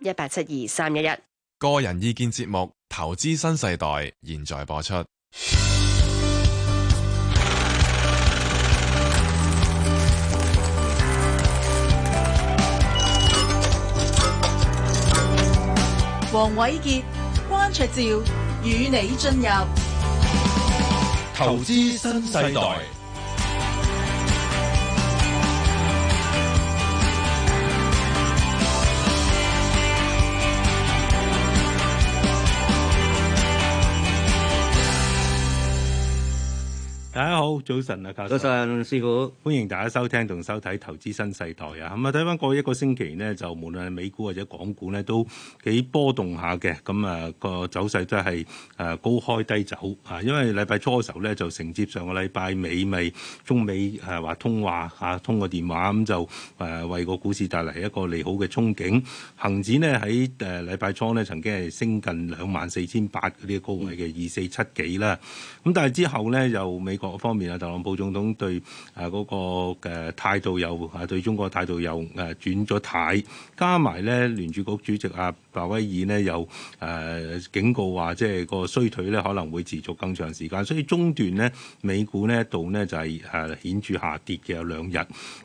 一八七二三一一，個人意見節目《投資新世代》現在播出。黃瑋傑、關焯照與你進入《投資新世代》。大家好，早晨啊，早晨，師傅，歡迎大家收聽同收睇《投資新世代》啊！咁啊，睇翻過去一個星期呢，就無論係美股或者港股呢，都幾波動下嘅。咁啊，個走勢都係誒高開低走啊。因為禮拜初嘅時候咧，就承接上個禮拜美美中美誒話通話啊，通過電話咁就誒為個股市帶嚟一個利好嘅憧憬。恒指呢，喺誒禮拜初呢曾經係升近兩萬四千八嗰啲高位嘅二四七幾啦。咁但係之後呢，又美國方面啊，特朗普總統對誒、啊那個誒態度又啊對中國態度又誒轉咗態，加埋咧聯儲局主席啊鮑威爾咧又誒、啊、警告話，即係個衰退咧可能會持續更長時間，所以中段咧美股咧度咧就係誒顯著下跌嘅，有兩日，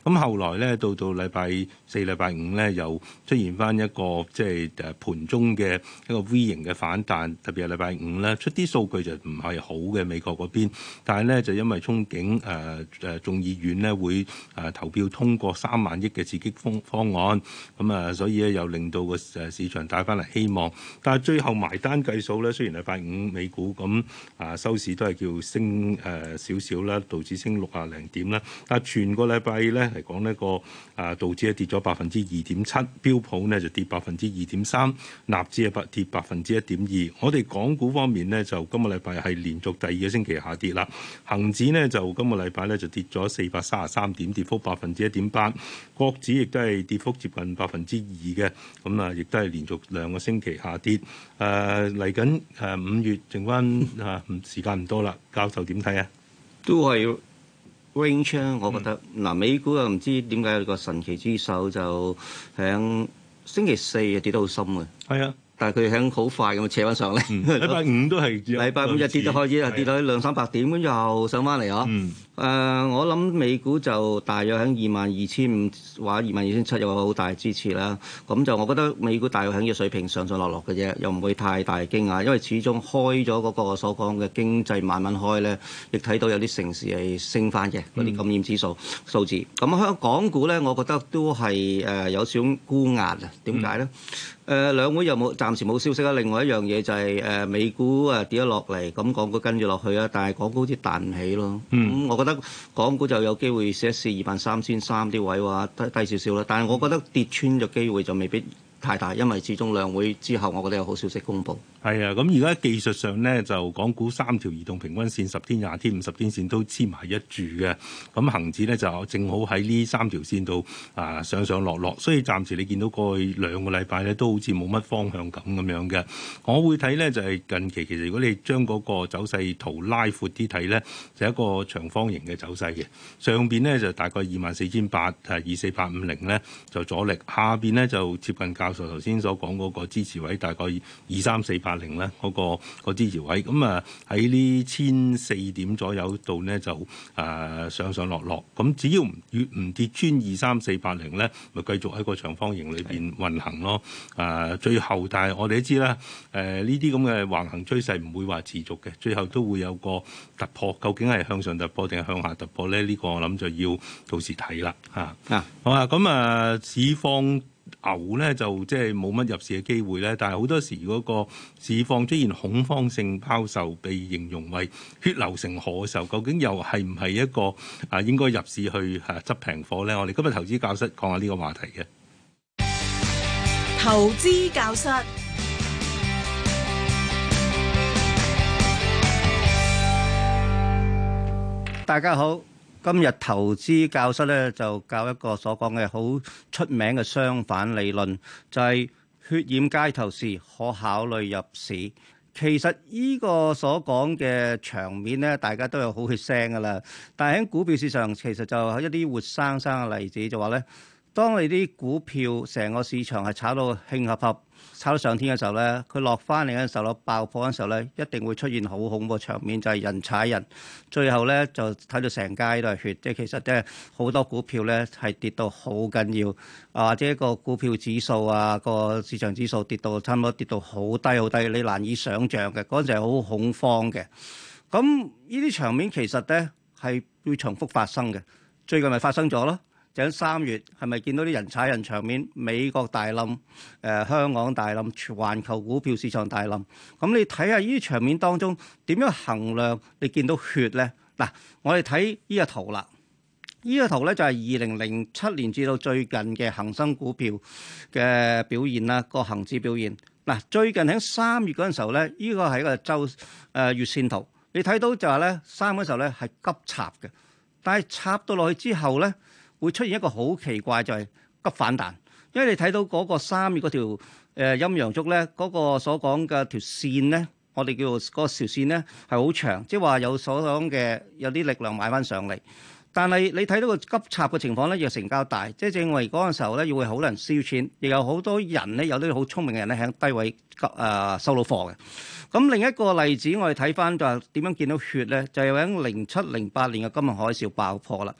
咁、啊、後來咧到到禮拜四、禮拜五咧又出現翻一個即係誒盤中嘅一個 V 型嘅反彈，特別係禮拜五咧出啲數據就唔係好嘅美國嗰邊，但係咧就。因為憧憬誒誒眾議院咧會誒投票通過三萬億嘅刺激方方案，咁啊，所以咧又令到個誒市場帶翻嚟希望。但係最後埋單計數咧，雖然禮拜五美股咁啊收市都係叫升誒少少啦，道指升六啊零點啦。但係全個禮拜咧嚟講呢個啊道指係跌咗百分之二點七，標普呢就跌百分之二點三，納指係跌跌百分之一點二。我哋港股方面呢，就今個禮拜係連續第二個星期下跌啦，行。唔止呢，就今個禮拜咧就跌咗四百三十三點，跌幅百分之一點八，國指亦都係跌幅接近百分之二嘅，咁啊亦都係連續兩個星期下跌。誒嚟緊誒五月剩翻吓時間唔多啦，教授點睇啊？都係 range，我覺得嗱、嗯啊，美股啊唔知點解有個神奇之手就喺星期四啊跌得好深嘅。係啊。但係佢響好快咁扯翻上嚟，禮拜、嗯、 五都係，禮拜五一跌都開始啦，跌到是的 兩三百點，跟住又上翻嚟、嗯誒，我諗美股就大約喺二萬二千五或者二萬二千七有好大支持啦。咁就我覺得美股大約喺呢個水平上上落落嘅啫，又唔會太大驚訝，因為始終開咗嗰個所講嘅經濟慢慢開咧，亦睇到有啲城市係升翻嘅嗰啲感染指數數字。咁香港股咧，我覺得都係誒有少少沽壓啊。點解咧？誒，兩會又冇暫時冇消息啊？另外一樣嘢就係誒美股啊跌咗落嚟，咁港股跟住落去啊。但係港股好似彈唔起咯。嗯。咁我覺。覺得港股就有機會試一試二萬三千三啲位哇，低少少啦。但係我覺得跌穿嘅機會就未必太大，因為始終兩會之後，我覺得有好消息公布。係啊，咁而家技術上咧就港股三條移動平均線十天、廿天、五十天線都黐埋一住嘅，咁恆指咧就正好喺呢三條線度啊上上落落，所以暫時你見到過去兩個禮拜咧都好似冇乜方向感咁樣嘅。我會睇咧就係近期其實如果你將嗰個走勢圖拉闊啲睇咧，就係一個長方形嘅走勢嘅。上邊咧就大概二萬四千八係二四八五零咧就阻力，下邊咧就接近教授頭先所講嗰個支持位大概二三四八。八零咧，嗰個支搖、那個、位咁啊，喺呢千四點左右度呢，就誒、呃、上上落落咁，只要越唔跌穿二三四八零呢，咪繼續喺個長方形裏邊運行咯。誒、呃、最後，但係我哋都知啦，誒呢啲咁嘅橫行趨勢唔會話持續嘅，最後都會有個突破。究竟係向上突破定係向下突破呢？呢、這個我諗就要到時睇啦。嚇啊！好啊！咁啊，市、呃、況。牛呢就即係冇乜入市嘅機會呢。但係好多時嗰個市況出現恐慌性拋售，被形容為血流成河嘅時候，究竟又係唔係一個啊應該入市去啊執平貨呢？我哋今日投資教室講下呢個話題嘅。投資教室，大家好。今日投資教室咧就教一個所講嘅好出名嘅相反理論，就係、是、血染街頭時可考慮入市。其實呢個所講嘅場面咧，大家都有好血腥㗎喇。但係喺股票市場其實就係一啲活生生嘅例子，就話、是、咧，當你啲股票成個市場係炒到興合合，炒到上天嘅時候咧，佢落翻嚟嗰陣時候啦，爆破嗰陣時候咧，一定會出現好恐怖嘅場面，就係人踩人，最後咧就睇到成街都係血。即係其實即係好多股票咧係跌到好緊要，或者個股票指數啊，個市場指數跌到差唔多跌到好低好低，你難以想像嘅嗰陣係好恐慌嘅。咁呢啲場面其實咧係會重複發生嘅，最近咪發生咗咯。就喺三月，係咪見到啲人踩人場面？美國大冧，誒、呃、香港大冧，全球股票市場大冧。咁、嗯、你睇下呢啲場面當中點樣衡量你見到血咧？嗱、啊，我哋睇呢個圖啦。呢個圖咧就係二零零七年至到最近嘅恒生股票嘅表現啦，個恒指表現嗱、啊。最近喺三月嗰陣時候咧，呢個係一個週誒月線圖，你睇到就係咧三月嗰時候咧係急插嘅，但係插到落去之後咧。會出現一個好奇怪，就係、是、急反彈，因為你睇到嗰個三月嗰條誒、呃、陰陽燭咧，嗰、那個所講嘅條線咧，我哋叫做嗰條線咧係好長，即係話有所講嘅有啲力量買翻上嚟。但係你睇到個急插嘅情況咧，又成交大，即係證明嗰陣時候咧，會好多人燒錢，亦有好多人咧，有啲好聰明嘅人咧，喺低位急啊、呃、收到貨嘅。咁另一個例子，我哋睇翻就係點樣見到血咧，就係喺零七零八年嘅金融海嘯爆破啦。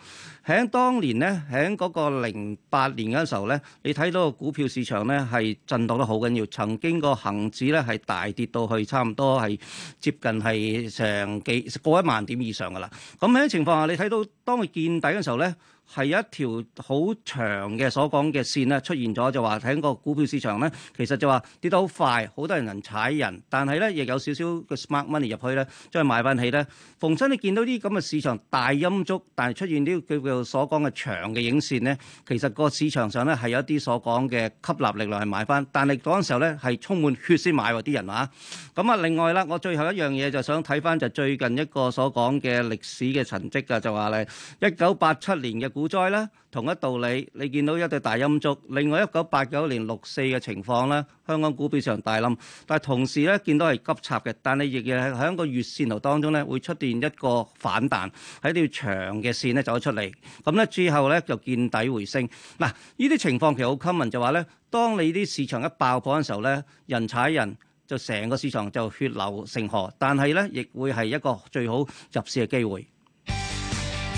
喺當年咧，喺嗰個零八年嗰陣時候咧，你睇到個股票市場咧係震盪得好緊要，曾經個恒指咧係大跌到去差唔多係接近係成幾過一萬點以上噶啦。咁喺情況下，你睇到當佢見底嗰陣時候咧。係一條好長嘅所講嘅線咧，出現咗就話喺個股票市場咧，其實就話跌得好快，好多人能踩人，但係咧亦有少少嘅 smart money 入去咧，再買翻起咧。逢親你見到啲咁嘅市場大陰燭，但係出現啲叫做所講嘅長嘅影線咧，其實個市場上咧係有一啲所講嘅吸納力量係買翻，但係嗰陣時候咧係充滿血先買喎啲人啊。咁啊，另外啦，我最後一樣嘢就想睇翻就最近一個所講嘅歷史嘅痕跡啊，就話係一九八七年嘅。股災咧，同一道理，你見到一對大陰燭，另外一九八九年六四嘅情況咧，香港股票市場大冧，但係同時咧見到係急插嘅，但係亦係喺個月線圖當中咧會出現一個反彈喺條長嘅線咧走咗出嚟，咁咧之後咧就見底回升。嗱，呢啲情況其實好 common，就話咧，當你啲市場一爆破嘅時候咧，人踩人就成個市場就血流成河，但係咧亦會係一個最好入市嘅機會。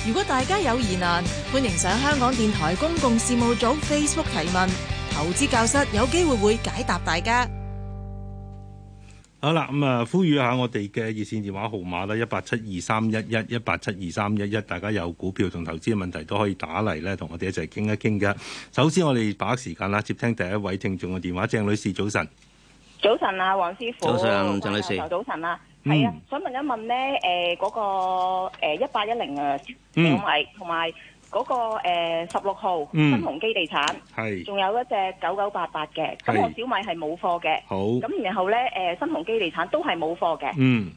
如果大家有疑難，歡迎上香港電台公共事務組 Facebook 提問，投資教室有機會會解答大家。好啦，咁、嗯、啊，呼籲下我哋嘅熱線電話號碼啦，一八七二三一一一八七二三一一，大家有股票同投資嘅問題都可以打嚟咧，同我哋一齊傾一傾㗎。首先，我哋把握時間啦，接聽第一位聽眾嘅電話，鄭女士，早晨。早晨啊，黃師傅。早晨，鄭女士。早晨啊。係啊，想問一問咧，誒嗰個一八一零啊小米同埋嗰個十六號新鴻基地產，係，仲有一隻九九八八嘅，咁我小米係冇貨嘅，好，咁然後咧誒新鴻基地產都係冇貨嘅，嗯，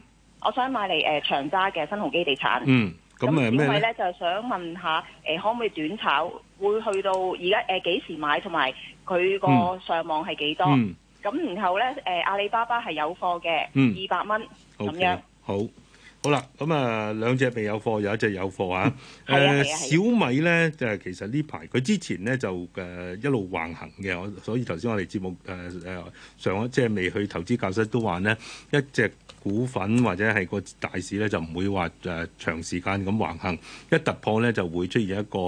我想買嚟誒長揸嘅新鴻基地產，嗯，咁誒咩咧，就想問下誒可唔可以短炒，會去到而家誒幾時買，同埋佢個上網係幾多？咁然後咧，誒阿里巴巴係有貨嘅，二百蚊咁樣。好，好啦，咁啊兩隻未有貨，有一隻有貨啊。誒小米咧，就係其實呢排佢之前咧就誒一路橫行嘅，我所以頭先我哋節目誒誒、呃、上一即係未去投資教室都話咧一隻。股份或者係個大市呢，就唔會話誒長時間咁橫行，一突破呢，就會出現一個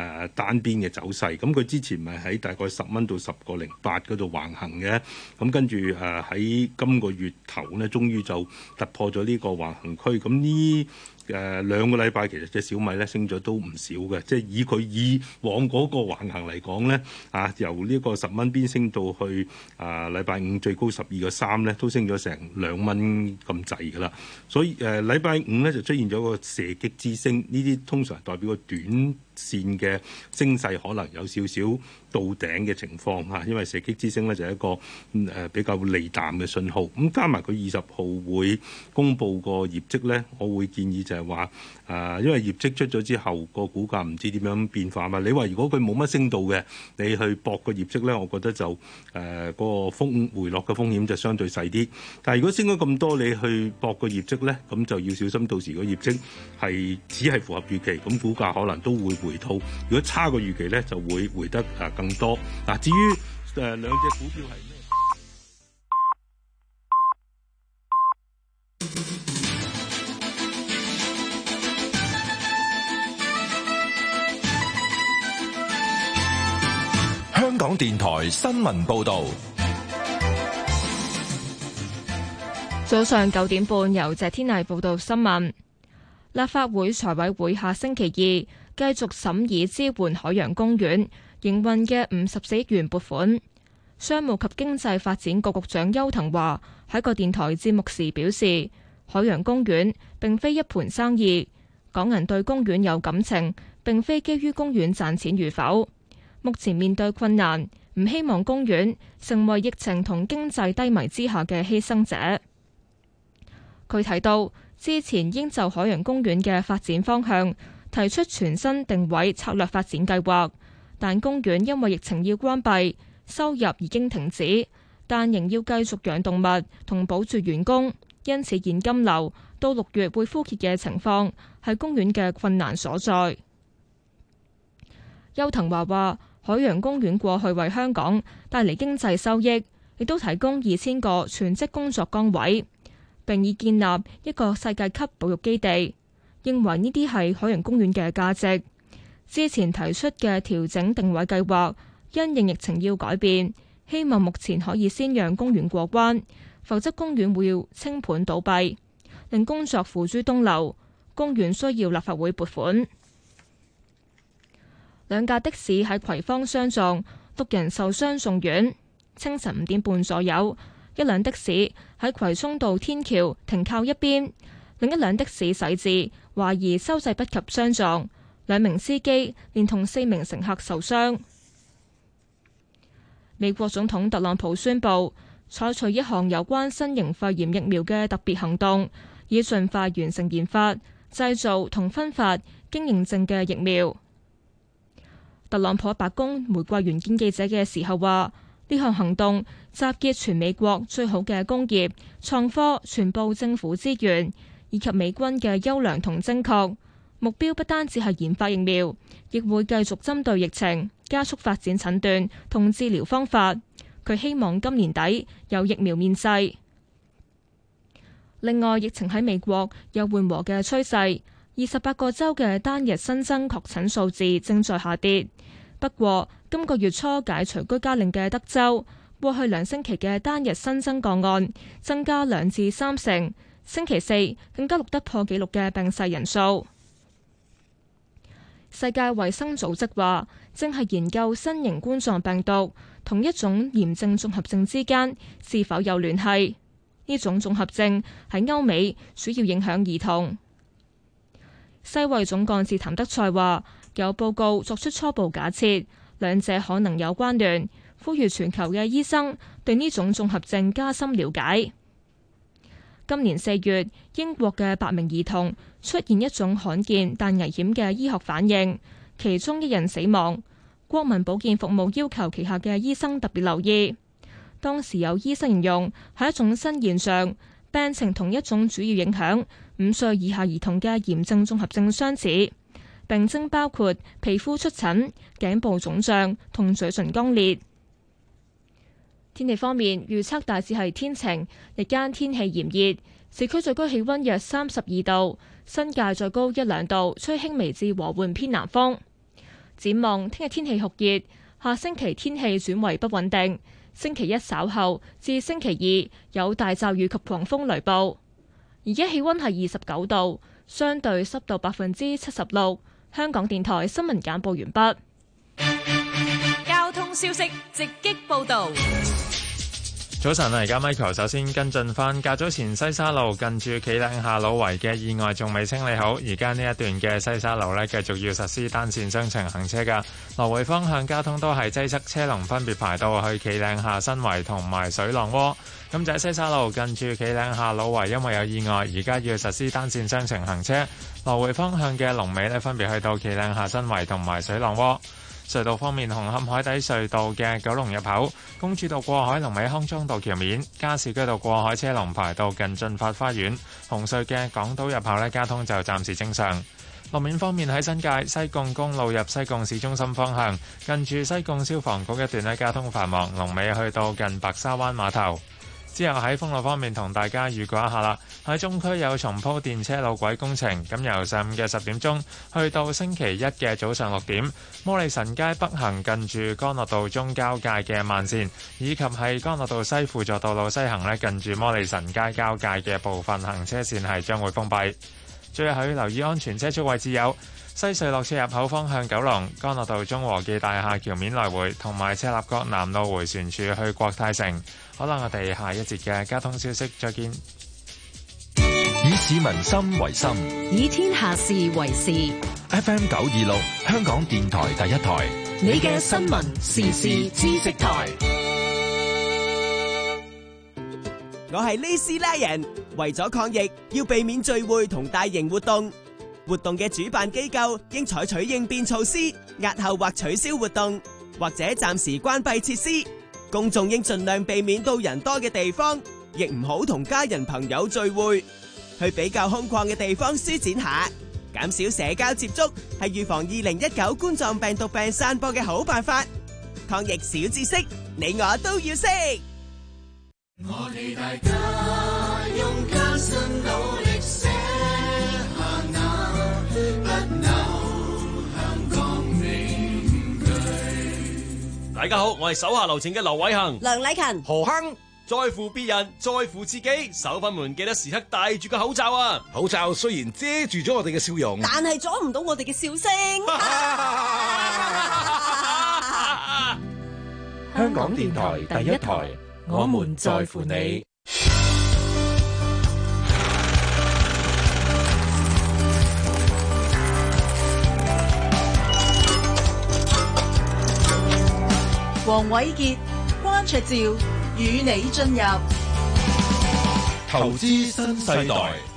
誒單邊嘅走勢。咁佢之前咪喺大概十蚊到十個零八嗰度橫行嘅，咁跟住誒喺今個月頭呢，終於就突破咗呢個橫行區。咁呢，誒兩個禮拜其實隻小米咧升咗都唔少嘅，即係以佢以往嗰個橫行嚟講咧，啊由呢個十蚊邊升到去啊禮拜五最高十二個三咧，都升咗成兩蚊咁滯㗎啦。所以誒禮拜五咧就出現咗個射擊之星，呢啲通常代表個短線嘅升勢可能有少少到頂嘅情況嚇，因為射擊之星呢就係一個誒、呃、比較利淡嘅信號。咁加埋佢二十號會公布個業績呢，我會建議就係話誒，因為業績出咗之後，個股價唔知點樣變化。咁你話如果佢冇乜升到嘅，你去博個業績呢，我覺得就誒嗰、呃那個風回落嘅風險就相對細啲。但係如果升咗咁多，你去博個業績呢，咁就要小心到時個業績係只係符合預期，咁股價可能都會回吐，如果差過預期咧，就會回得誒更多嗱。至於誒兩隻股票係咩？香港電台新聞報導，早上九點半由謝天麗報道新聞。立法會財委會下星期二。繼續審議支援海洋公園營運嘅五十四億元撥款。商務及經濟發展局局長邱騰華喺個電台節目時表示，海洋公園並非一盤生意，港人對公園有感情，並非基於公園賺錢與否。目前面對困難，唔希望公園成為疫情同經濟低迷之下嘅犧牲者。佢提到之前應就海洋公園嘅發展方向。提出全新定位策略發展計劃，但公園因為疫情要關閉，收入已經停止，但仍要繼續養動物同保住員工，因此現金流到六月會枯竭嘅情況，係公園嘅困難所在。邱騰華話：海洋公園過去為香港帶嚟經濟收益，亦都提供二千個全職工作崗位，並已建立一個世界級保育基地。認為呢啲係海洋公園嘅價值。之前提出嘅調整定位計劃，因應疫情要改變，希望目前可以先讓公園過關，否則公園會清盤倒閉，令工作付諸東流。公園需要立法會撥款。兩架的士喺葵芳相撞，六人受傷送院。清晨五點半左右，一輛的士喺葵涌道天橋停靠一邊。另一輛的士駛至，懷疑收掣不及相撞，兩名司機連同四名乘客受傷。美國總統特朗普宣布採取一項有關新型肺炎疫苗嘅特別行動，以盡快完成研發、製造同分發經認證嘅疫苗。特朗普白宮玫瑰園見記者嘅時候話：呢項行動集結全美國最好嘅工業、創科、全部政府資源。以及美軍嘅優良同精確目標不單止係研發疫苗，亦會繼續針對疫情加速發展診斷同治療方法。佢希望今年底有疫苗面世。另外，疫情喺美國有緩和嘅趨勢，二十八個州嘅單日新增確診數字正在下跌。不過，今個月初解除居家令嘅德州，過去兩星期嘅單日新增個案增加兩至三成。星期四更加錄得破紀錄嘅病逝人數。世界衞生組織話正係研究新型冠狀病毒同一種炎症綜合症之間是否有聯繫。呢種綜合症喺歐美主要影響兒童。世衞總幹事譚德賽話有報告作出初步假設，兩者可能有關聯，呼籲全球嘅醫生對呢種綜合症加深了解。今年四月，英國嘅八名兒童出現一種罕見但危險嘅醫學反應，其中一人死亡。國民保健服務要求旗下嘅醫生特別留意。當時有醫生形容係一種新現象，病情同一種主要影響五歲以下兒童嘅炎症綜合症相似。病徵包括皮膚出疹、頸部腫脹同嘴唇乾裂。天氣方面，預測大致係天晴，日間天氣炎熱，市區最高氣温約三十二度，新界再高一兩度，吹輕微至和緩偏南風。展望聽日天氣酷熱，下星期天氣轉為不穩定，星期一稍後至星期二有大驟雨及狂風雷暴。而家氣温係二十九度，相對濕度百分之七十六。香港電台新聞簡報完畢。交通消息直擊報道。早晨，而家 Michael。首先跟進翻，較早前西沙路近住企嶺下老圍嘅意外仲未清理好，而家呢一段嘅西沙路呢，繼續要實施單線雙程行車嘅，來回方向交通都係擠塞，車龍分別排到去企嶺下新圍同埋水浪窩。咁就喺西沙路近住企嶺下老圍，因為有意外，而家要實施單線雙程行車。來回方向嘅龍尾呢，分別去到企嶺下新圍同埋水浪窩。隧道方面，紅磡海底隧道嘅九龍入口、公主道過海、龍尾康莊道橋面、加士居道過海車龍排到近進發花園；紅隧嘅港島入口呢，交通就暫時正常。路面方面喺新界西貢公路入西貢市中心方向，近住西貢消防局一段呢，交通繁忙，龍尾去到近白沙灣碼頭。之後喺封路方面同大家預告一下啦。喺中區有重鋪電車路軌工程，咁由上午嘅十點鐘去到星期一嘅早上六點，摩利臣街北行近住干諾道中交界嘅慢線，以及喺干諾道西輔助道路西行咧近住摩利臣街交界嘅部分行車線係將會封閉。最後要留意安全車速位置有。西隧，落車入口方向九龍干諾道中和記大廈橋面來回，同埋赤鱲角南路回旋處去國泰城。好啦，我哋下一節嘅交通消息再見。以市民心為心，以天下事為事。FM 九二六，香港電台第一台，你嘅新聞時事知識台。我係呢斯拉人，為咗抗疫，要避免聚會同大型活動。活動嘅主辦機構應採取應變措施，押後或取消活動，或者暫時關閉設施。公眾應盡量避免到人多嘅地方，亦唔好同家人朋友聚會，去比較空曠嘅地方舒展下，減少社交接觸，係預防二零一九冠狀病毒病散播嘅好辦法。抗疫小知識，你我都要識。我哋大家用家心努力。大家好，我係手下留情嘅劉偉恒、梁禮勤、何亨，在乎別人，在乎自己。手粉們記得時刻戴住個口罩啊！口罩雖然遮住咗我哋嘅笑容，但係阻唔到我哋嘅笑聲。香港電台第一台，我們在乎你。黃瑋傑、關焯照與你進入投資新世代。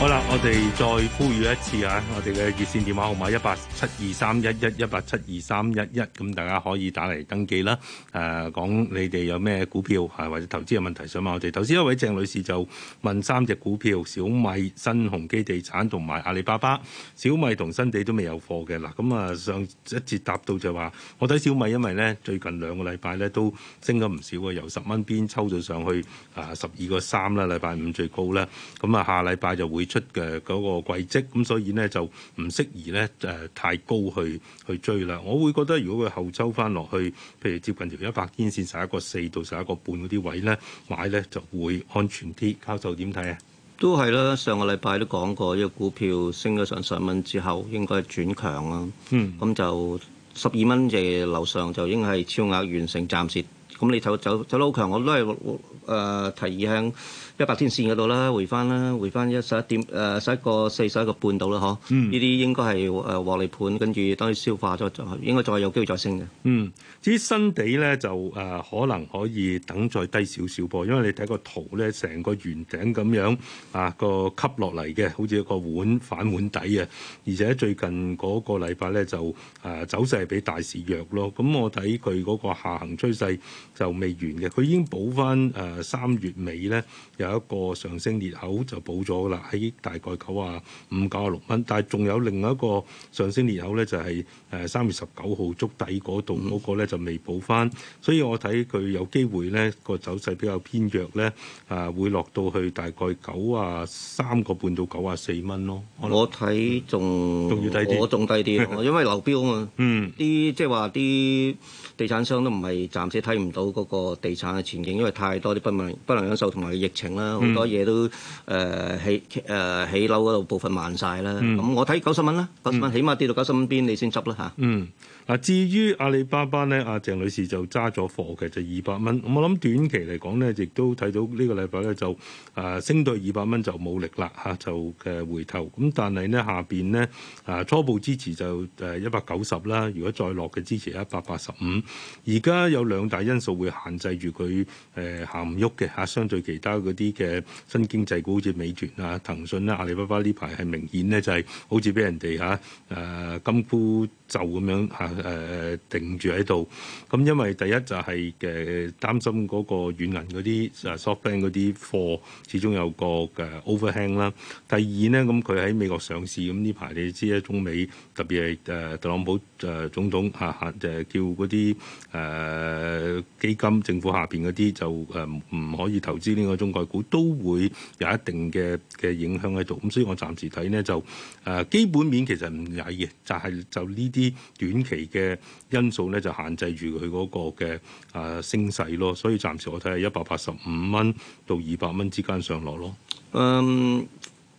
好啦，我哋再呼籲一次啊！我哋嘅熱線電話號碼一八七二三一一一八七二三一一，咁大家可以打嚟登記啦。誒、啊，講你哋有咩股票啊，或者投資嘅問題想問我哋。頭先一位鄭女士就問三隻股票：小米、新鴻基地產同埋阿里巴巴。小米同新地都未有貨嘅。嗱，咁啊，上一節答到就話，我睇小米，因為咧最近兩個禮拜咧都升咗唔少啊，由十蚊邊抽咗上去啊十二個三啦，禮拜五最高啦。咁啊，下禮拜就會。出嘅嗰個季績咁，所以咧就唔適宜咧誒、呃、太高去去追啦。我會覺得，如果佢後周翻落去，譬如接近條一百天線，十一個四到十一個半嗰啲位咧買咧就會安全啲。教授點睇啊？都係啦，上個禮拜都講過，一、這個、股票升咗上十蚊之後應該轉強啦。嗯，咁就十二蚊嘅樓上就已經係超額完成，暫時。咁你走走走得好強，我都係誒、呃、提議向一百天線嗰度啦，回翻啦，回翻一十一點誒十一個四十一個半度啦，嗬？呢啲、嗯、應該係誒獲利盤，跟住等佢消化咗，再應該再有機會再升嘅。嗯，至於新地咧就誒、呃、可能可以等再低少少噃，因為你睇個圖咧，成個圓頂咁樣啊個吸落嚟嘅，好似一個碗反碗底啊！而且最近嗰個禮拜咧就誒、呃、走勢係比大市弱咯。咁我睇佢嗰個下行趨勢，就未完嘅，佢已經補翻誒三月尾咧有一個上升裂口就補咗啦，喺大概九啊五、九啊六蚊。但係仲有另外一個上升裂口咧，就係誒三月十九號觸底嗰度嗰個咧就未補翻。所以我睇佢有機會咧個走勢比較偏弱咧，啊會落到去大概九啊三個半到九啊四蚊咯。我睇仲、嗯、要低啲，我仲低啲， 因為流標啊嘛，啲、 嗯、即係話啲地產商都唔係暫時睇唔到嗰個地產嘅前景，因為太多啲不問不能忍受同埋疫情啦，好、嗯、多嘢都誒、呃、起誒、呃、起樓嗰度部分慢晒啦。咁、嗯、我睇九十蚊啦，九十蚊起碼跌到九十蚊邊，你先執啦吓嗯。嗱，至於阿里巴巴咧，阿鄭女士就揸咗貨嘅，就二百蚊。我諗短期嚟講咧，亦都睇到呢個禮拜咧就誒升到二百蚊就冇力啦嚇，就嘅回頭。咁但係咧下邊咧誒初步支持就誒一百九十啦。如果再落嘅支持一百八十五。而家有兩大因素會限制住佢誒行唔喐嘅嚇，相對其他嗰啲嘅新經濟股，好似美團啊、騰訊啦、阿里巴巴呢排係明顯咧就係好似俾人哋嚇誒金箍咒咁樣嚇。誒誒、呃，定住喺度。咁因為第一就係誒擔心嗰個軟銀嗰啲誒 softbank 嗰啲貨始終有個誒 overhang 啦。第二呢，咁佢喺美國上市，咁呢排你知，咧中美特別係誒特朗普誒總統嚇嚇，就、啊、叫嗰啲誒基金政府下邊嗰啲就誒唔可以投資呢個中概股，都會有一定嘅嘅影響喺度。咁、嗯、所以我暫時睇呢，就誒、呃、基本面其實唔曳嘅，就係、是、就呢啲短期。嘅因素咧就限制住佢嗰個嘅啊升勢咯，所以暫時我睇係一百八十五蚊到二百蚊之間上落咯。嗯，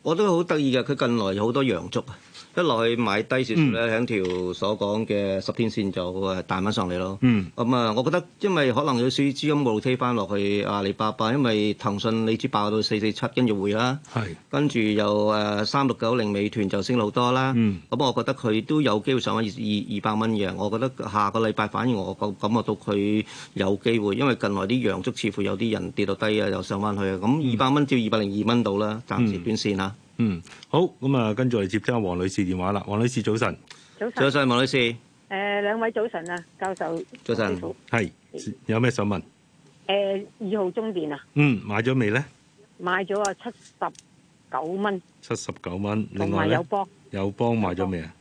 我都好得意嘅，佢近來有好多洋足啊。一落去買低少少咧，喺、嗯、條所講嘅十天線就啊，大蚊上嚟咯。咁啊、嗯嗯，我覺得因為可能有少少資金嘅推車翻落去阿里巴巴，因為騰訊你知爆到四四七，是跟住回啦。跟住又誒三六九零美團就升好多啦。咁、嗯嗯嗯、我覺得佢都有機會上翻二二百蚊嘅。我覺得下個禮拜反而我感覺咁啊，到佢有機會，因為近來啲陽燭似乎有啲人跌到低啊，又上翻去啊。咁二百蚊至二百零二蚊到啦，暫時短線嚇。嗯嗯，好，咁啊，跟住嚟接聽下黃女士電話啦。黃女士，早晨。早晨。早晨，黃女士。誒，兩位早晨啊，教授。早晨。係。有咩想問？誒，二號中電啊。嗯，買咗未咧？買咗啊，七十九蚊。七十九蚊。另外？友邦友邦買咗未啊？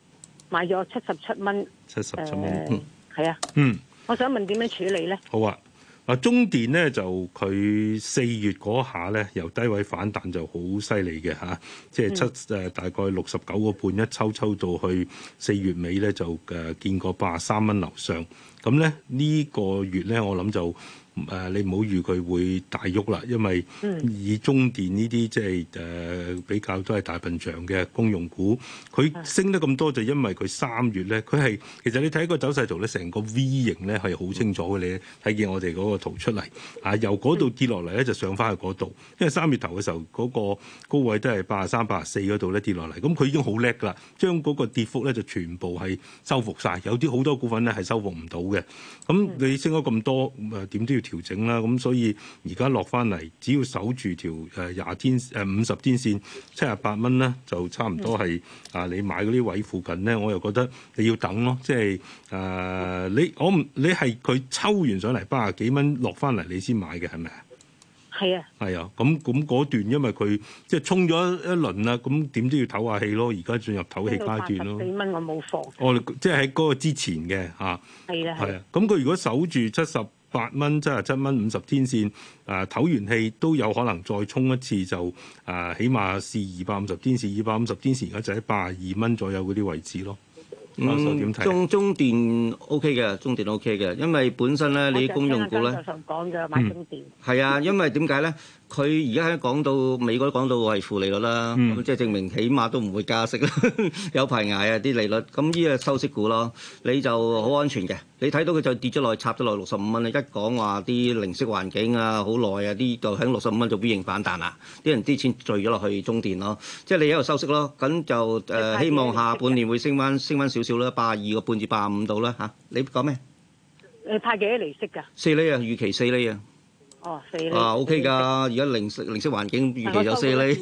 買咗七十七蚊。七十七蚊。嗯。係啊。嗯。我想問點樣處理咧？好啊。啊、中電咧就佢四月嗰下咧由低位反彈就好犀利嘅嚇，即係七誒大概六十九個半一抽抽到去四月尾咧就誒、呃、見過八十三蚊樓上咁咧呢、呢個月咧我諗就。誒，你唔好預佢會大喐啦，因為以中電呢啲即係誒比較都係大笨象嘅公用股，佢升得咁多就因為佢三月咧，佢係其實你睇個走勢圖咧，成個 V 型咧係好清楚嘅，你睇見我哋嗰個圖出嚟啊，由嗰度跌落嚟咧就上翻去嗰度，因為三月頭嘅時候嗰個高位都係八十三、八十四嗰度咧跌落嚟，咁佢已經好叻啦，將嗰個跌幅咧就全部係收復晒。有啲好多股份咧係收復唔到嘅，咁你升咗咁多咁誒點都要，調整啦，咁所以而家落翻嚟，只要守住條誒廿天誒五十天線，七十八蚊咧，就差唔多係啊！你買嗰啲位附近咧，我又覺得你要等咯，即係誒、呃、你我唔你係佢抽完上嚟八十幾蚊落翻嚟，你先買嘅係咪啊？係啊，係啊，咁咁嗰段因為佢即係衝咗一輪啊，咁點都要唞下氣咯。而家進入唞氣階段咯。幾蚊我冇放。我即係喺嗰個之前嘅吓，係啊，係啊。咁佢、啊啊、如果守住七十。八蚊即係七蚊五十天線，誒、呃、唞完氣都有可能再衝一次就誒、呃，起碼試二百五十天線，二百五十天線而家就喺八十二蚊左右嗰啲位置咯。嗯，我中中電 O K 嘅，中電 O K 嘅，因為本身咧你、嗯、公用股咧，講咗買中電。係啊，因為點解咧？ 佢而家喺講到美國都講到係負利率啦，咁、嗯、即係證明起碼都唔會加息啦， 有排捱啊啲利率。咁呢個收息股咯，你就好安全嘅。你睇到佢就跌咗落去，插咗落去六十五蚊啊！一講話啲零息環境啊，好耐啊，啲就喺六十五蚊就 V 型反彈啊！啲人啲錢聚咗落去中電咯，即係你喺度收息咯。咁就誒、呃、希望下半年會升翻升翻少少啦，八二個半至八五度啦嚇。你講咩？你派幾多利息㗎？四厘啊，預期四厘啊。哦，四啊，OK 噶，而家零息、零息環境預期有四厘，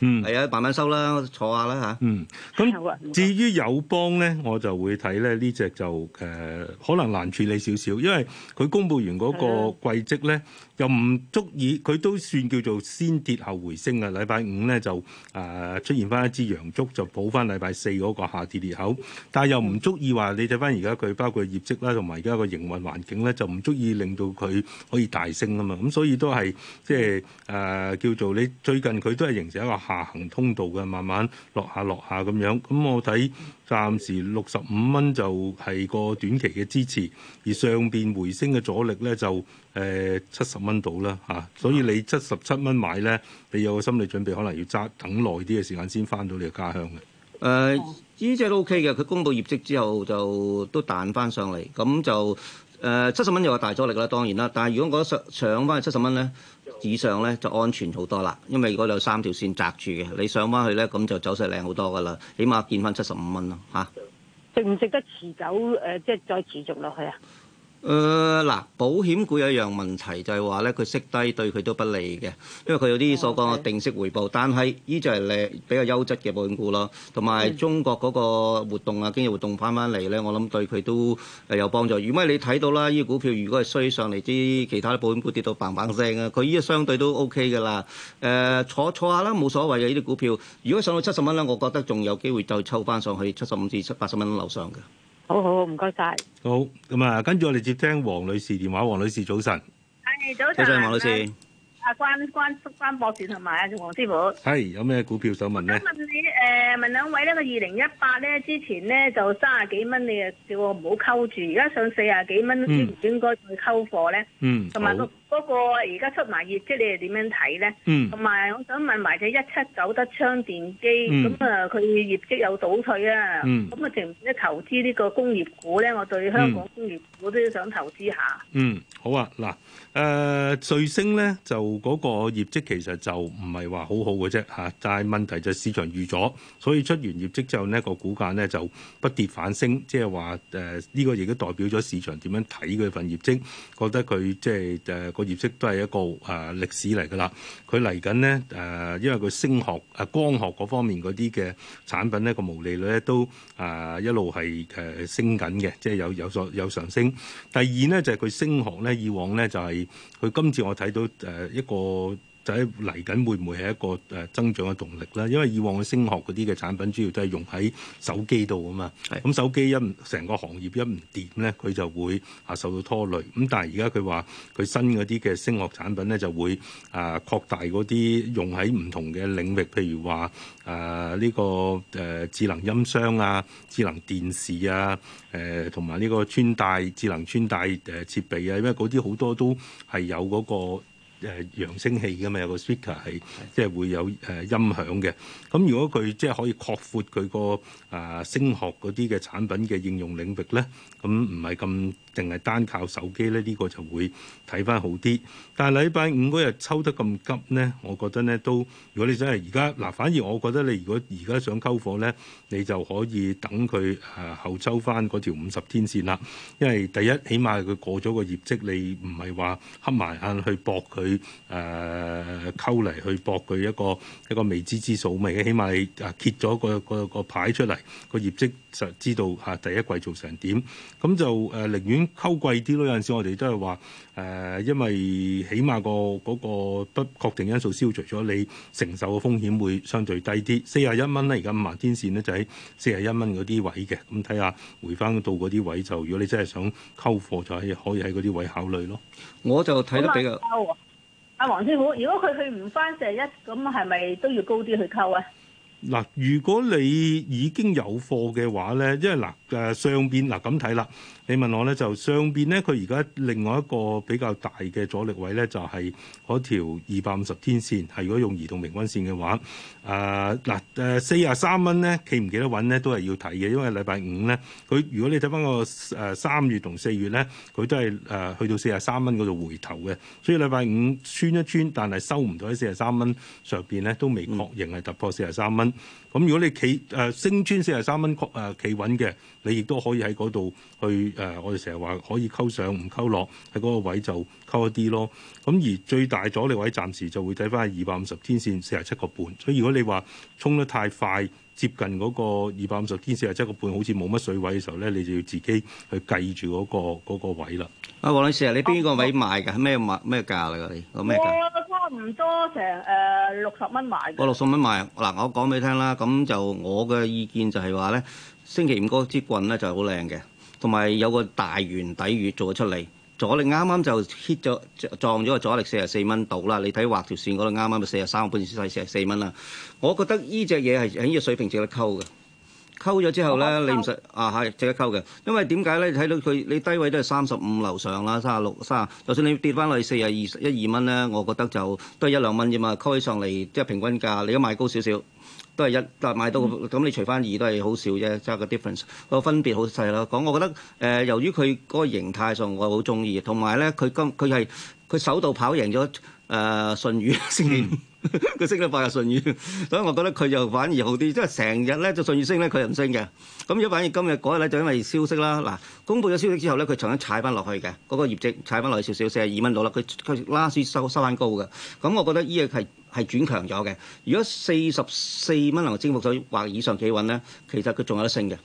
嗯，係啊，慢慢收啦，坐下啦吓，嗯，咁至於友邦咧，我就會睇咧呢隻就誒、呃，可能難處理少少，因為佢公布完嗰個季績咧。的又唔足以，佢都算叫做先跌後回升啊！禮拜五咧就誒出現翻一支陽燭，就補翻禮拜四嗰個下跌裂口。但係又唔足以話，你睇翻而家佢包括業績啦，同埋而家個營運環境咧，就唔足以令到佢可以大升啊嘛。咁所以都係即係誒叫做你最近佢都係形成一個下行通道嘅，慢慢落下落下咁樣。咁我睇暫時六十五蚊就係個短期嘅支持，而上邊回升嘅阻力咧就。誒、呃、七十蚊到啦嚇，所以你七十七蚊買咧，你有個心理準備，可能要揸等耐啲嘅時間先翻到你嘅家鄉嘅。誒、呃，呢隻都 OK 嘅，佢公布業績之後就都彈翻上嚟，咁就誒、呃、七十蚊又話大阻力啦，當然啦。但係如果我上上翻去七十蚊咧以上咧，就安全好多啦，因為如果有三條線擲住嘅，你上翻去咧，咁就走勢靚好多噶啦，起碼見翻七十五蚊咯嚇。啊、值唔值得持久誒、呃？即係再持續落去啊？誒嗱、呃，保險股有一樣問題就係話咧，佢息低對佢都不利嘅，因為佢有啲所講嘅 Okay. 定息回報。但係依就係咧比較優質嘅保險股咯，同埋中國嗰個活動啊，經濟活動翻翻嚟咧，我諗對佢都誒有幫助。因為你睇到啦，呢、這個股票如果係衰上嚟啲其他啲保險股跌到嘭嘭聲啊，佢依個相對都 OK 㗎啦。誒、呃，坐坐下啦，冇所謂嘅呢啲股票。如果上到七十蚊咧，我覺得仲有機會再抽翻上去七十五至七八十蚊樓上嘅。好，好好，唔該晒。好，咁啊，跟住我哋接聽黃女士電話。黃女士早晨，早晨。係，早晨。早晨，黃女士。是關關關博士同埋阿黃師傅，係、hey, 有咩股票想問咧？我想問你誒、呃，問兩位呢。個二零一八咧之前咧就三十幾蚊，你啊叫我唔好溝住，而家上四十幾蚊，應唔應該去溝貨咧？嗯，同埋、嗯、個嗰個而家出埋業績，你又點樣睇咧？同埋、嗯、我想問埋隻一七九德昌電機，咁、嗯、啊佢業績有倒退啊，咁啊淨唔投資呢個工業股咧，我對香港工業股都想投資下。嗯，好啊，嗱。誒、uh, 瑞聲咧就嗰個業績其實就唔係話好好嘅啫吓，但係問題就市場預咗，所以出完業績之後呢個股價呢就不跌反升，即係話誒呢個亦都代表咗市場點樣睇佢份業績，覺得佢即係誒個業績都係一個誒歷、呃、史嚟噶啦。佢嚟緊呢誒、呃、因為佢聲學誒、呃、光學嗰方面嗰啲嘅產品呢個毛利率咧都誒、呃、一路係誒升緊嘅，即、就、係、是、有有所有，有上升。第二呢，就係、是、佢聲學呢以往呢、就是、以往呢就係、是。佢今次我睇到誒、呃、一個。嚟緊會唔會係一個誒增長嘅動力咧？因為以往嘅聲學嗰啲嘅產品主要都係用喺手機度啊嘛。咁係手機一成個行業一唔掂咧，佢就會啊受到拖累。咁但係而家佢話佢新嗰啲嘅聲學產品咧就會啊、呃、擴大嗰啲用喺唔同嘅領域，譬如話啊呢個誒、呃、智能音箱啊、智能電視啊、誒同埋呢個穿戴智能穿戴誒、呃、設備啊，因為嗰啲好多都係有嗰、那個。誒、呃、揚聲器㗎嘛，有個 speaker 係即係會有誒、呃、音響嘅。咁如果佢即係可以擴闊佢個呃聲學嗰啲嘅產品嘅應用領域咧，咁唔係咁。定係單靠手機咧，呢個就會睇翻好啲。但係禮拜五嗰日抽得咁急咧，我覺得咧都，如果你真係而家嗱，反而我覺得你如果而家想溝貨咧，你就可以等佢誒後抽翻嗰條五十天線啦。因為第一，起碼佢過咗個業績，你唔係話黑埋眼去搏佢誒溝嚟去搏佢一個一個未知之數未起碼你啊揭咗、個個個牌出嚟，個業績就知道嚇第一季做成點，咁就誒寧願。呃咁溝貴啲咯，有陣時我哋都係話誒，因為起碼個嗰個不確定因素消除咗，你承受嘅風險會相對低啲。四十一蚊咧，而家五十天線咧就喺四十一蚊嗰啲位嘅。咁睇下回翻到嗰啲位就，如果你真係想溝貨，就喺可以喺嗰啲位考慮咯。我就睇得比較。阿黃師傅，如果佢去唔翻四十一，咁係咪都要高啲去溝啊？嗱，如果你已經有貨嘅話咧，因為嗱誒上邊嗱咁睇啦。你問我咧，就上邊咧，佢而家另外一個比較大嘅阻力位咧，就係、是、嗰條二百五十天線。係如果用移動平均線嘅話，啊、呃、嗱，誒四十三蚊咧企唔企得穩咧，都係要睇嘅。因為禮拜五咧，佢如果你睇翻個誒三月同四月咧，佢都係誒、呃、去到四十三蚊嗰度回頭嘅。所以禮拜五穿一穿，但係收唔到喺四十三蚊上邊咧，都未確認係突破四十三蚊。咁如果你企誒、呃、升穿四十三蚊誒企穩嘅。你亦都可以喺嗰度去誒、呃，我哋成日話可以溝上唔溝落，喺嗰個位就溝一啲咯。咁而最大阻力位，暫時就會睇翻係二百五十天線四十七個半。所以如果你話衝得太快，接近嗰個二百五十天四十七個半，好似冇乜水位嘅時候咧，你就要自己去計住嗰、嗰個嗰個位啦。啊，黃女士啊，你邊個位買㗎？咩物咩價啦？你咩價？我差唔多成誒六十蚊買。個六十蚊買嗱，我講俾你聽啦。咁就我嘅意見就係話咧。星期五嗰支棍咧就係好靚嘅，同埋有個大圓底月做咗出嚟。阻力啱啱就 hit 咗撞咗個阻力四十四蚊度啦。你睇畫條線嗰度啱啱咪四十三個半至四十四蚊啦。我覺得呢隻嘢係喺呢個水平值得溝嘅。溝咗之後咧，嗯、你唔使啊係值得溝嘅。因為點解咧？睇到佢你低位都係三十五樓上啦，三十六三，就算你跌翻落去四廿二一二蚊咧，我覺得就都係一兩蚊啫嘛。溝起上嚟即係平均價，你一買高少少。都係一，但係買到咁，你除翻二都係好少啫，即係個 difference 個分別好細咯。講我覺得誒，由於佢嗰個形態上，我好中意，同埋咧佢今佢係佢首度跑贏咗誒順宇先，佢升得快過順宇，所以我覺得佢就反而好啲。即係成日咧就順宇升咧，佢又唔升嘅。咁而反而今日嗰日咧就因為消息啦，嗱，公布咗消息之後咧，佢重新踩翻落去嘅嗰個業績踩翻落去少少，四十二蚊到啦。佢佢拉住收收翻高嘅。咁我覺得呢個係。係轉強咗嘅，如果四十四蚊能征服咗或以上企穩咧，其實佢仲有得升嘅。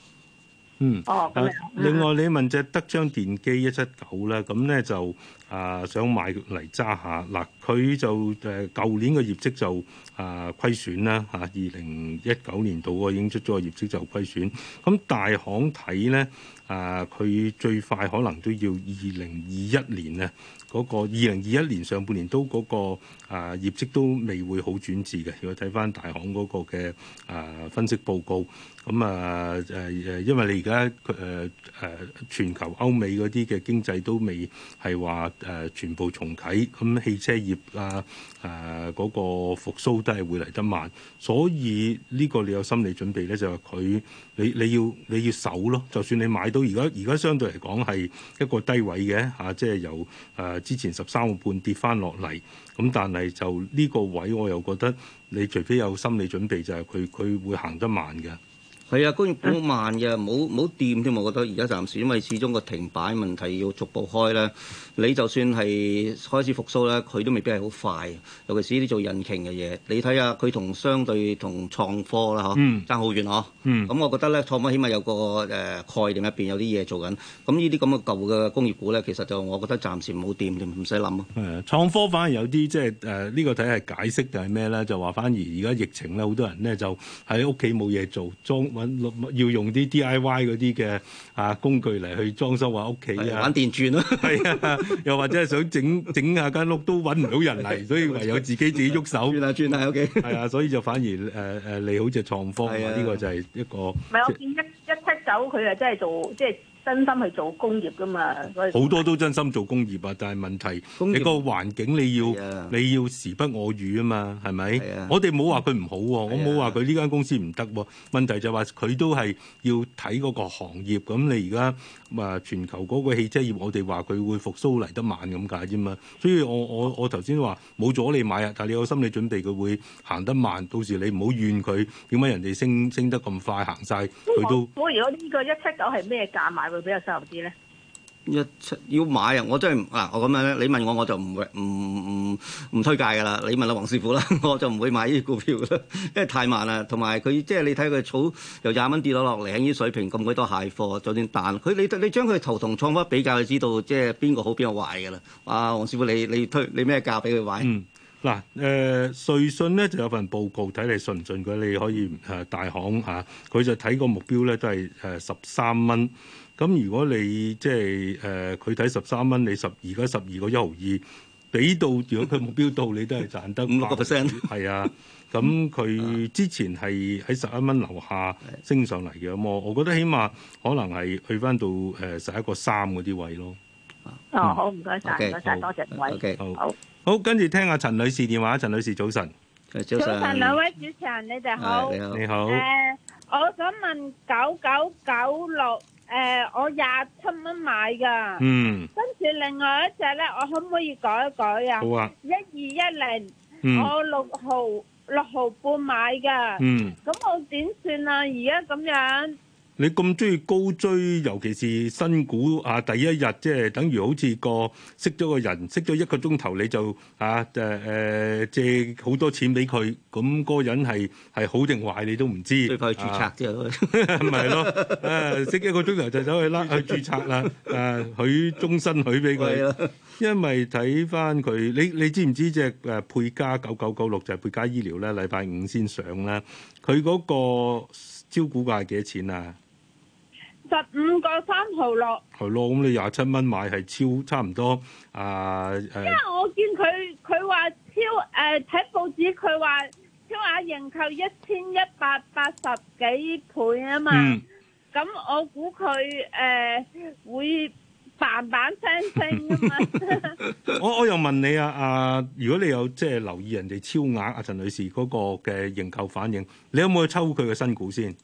嗯，哦、啊，嗯、另外、嗯、你問隻德昌電機一七九咧，咁咧就。啊！想買嚟揸下嗱，佢就誒舊年嘅業績就啊虧損啦嚇，二零一九年度個已經出咗個業績就虧損。咁大行睇咧，啊佢最快可能都要二零二一年啊，嗰個二零二一年上半年都嗰個啊業績都未會好轉至嘅。如果睇翻大行嗰個嘅啊分析報告，咁啊誒誒，因為你而家誒誒全球歐美嗰啲嘅經濟都未係話。誒全部重啟咁，汽車業啊誒嗰、啊那個復甦都係會嚟得慢，所以呢個你有心理準備咧，就係、是、佢你你要你要守咯。就算你買到而家而家相對嚟講係一個低位嘅嚇，即、啊、係、就是、由誒、啊、之前十三個半跌翻落嚟咁，但係就呢個位我又覺得你除非有心理準備就，就係佢佢會行得慢嘅。係啊，工業股慢好慢嘅，唔好唔好掂添，我覺得而家暫時，因為始終個停擺問題要逐步開咧。你就算係開始復甦咧，佢都未必係好快。尤其是呢啲做引擎嘅嘢，你睇下佢同相對同創科啦，嗬、嗯，爭好遠嗬。咁我覺得咧，創科起碼有個誒概念入邊有啲嘢做緊。咁呢啲咁嘅舊嘅工業股咧，其實就我覺得暫時唔好掂，唔唔使諗咯。誒、啊，創科反而有啲即係誒呢個睇係解釋定係咩咧？就話反而而家疫情咧，好多人咧就喺屋企冇嘢做，中。要用啲 DIY 嗰啲嘅啊工具嚟去裝修下屋企的啊玩電轉咯，係啊， 又或者係想整整下間屋都揾唔到人嚟，所以唯有自己自己喐手轉下、啊、轉下、啊、OK，係 啊，所以就反而誒誒、啊、利好隻創科的啊，呢、這個就係一個。唔係我見一一出手，佢、就、啊、是，真係做即係。真心去做工業噶嘛，好多都真心做工業啊！但係問題，業你個環境你要、啊、你要時不我與啊嘛，係咪？啊、我哋冇話佢唔好、啊，啊、我冇話佢呢間公司唔得、啊。問題就係話佢都係要睇嗰個行業。咁你而家啊全球嗰個汽車業，我哋話佢會復甦嚟得慢咁解啫嘛。所以我我我頭先話冇阻你買啊，但係你有心理準備，佢會行得慢。到時你唔好怨佢點解人哋升升得咁快行晒，佢都。如果呢個一七九係咩價買？會比較適合啲咧？一要買啊！我真係嗱、啊，我咁樣咧，你問我我就唔唔唔唔推介噶啦。你問阿、啊、黃師傅啦，我就唔會買呢啲股票啦，因為太慢啦。同埋佢即係你睇佢炒由廿蚊跌落落嚟喺呢水平，咁鬼多蟹貨，就算彈佢你你將佢圖同創科比較，就知道即係邊個好、邊個壞噶啦。啊，黃師傅，你你推你咩價俾佢買？嗱誒、嗯呃，瑞信咧就有份報告，睇你信唔信佢？你可以誒、呃、大行嚇，佢、啊、就睇個目標咧都係誒十三蚊。咁如果你即係誒，佢睇十三蚊，你十而家十二個一毫二，俾到，如果佢目標到， 你都係賺得五個 percent 係啊。咁佢之前係喺十一蚊樓下升上嚟嘅咁，我覺得起碼可能係去返到誒十一個三嗰啲位咯。啊、嗯，好唔該晒，唔該晒，多謝各位。好，好跟住聽下陳女士電話。陳女士，早晨。早晨上兩上位主持人，你哋好、哎。你好。你好、呃、我想問九九九六。誒，我廿七蚊買噶，跟住、嗯、另外一隻咧，我可唔可以改一改啊？好啊，一二一零，10, 嗯、我六毫六毫半買嘅，咁、嗯、我點算啊？而家咁樣。你咁中意高追，尤其是新股啊！第一日即係等於好似個識咗個人，識咗一個鐘頭你就啊誒誒、呃、借好多錢俾佢，咁嗰個人係係好定壞你都唔知。去註冊啫，咪係咯？誒， 識一個鐘頭就走去拉 去註冊啦！誒、啊，許終身許俾佢，因為睇翻佢，你你知唔知即係誒沛嘉九九九六就係沛嘉醫療咧？禮拜五先上啦，佢嗰個招股價係幾多錢啊？十五個三毫六，係咯，咁你廿七蚊買係超差唔多啊！呃、因為我見佢佢話超誒睇、呃、報紙佢話超額認購一千一百八十幾倍啊嘛，咁、嗯、我估佢誒會慢慢升升啊嘛 我。我我又問你啊，啊、呃，如果你有即係、就是、留意人哋超額啊陳女士嗰個嘅認購反應，你有冇去抽佢嘅新股先？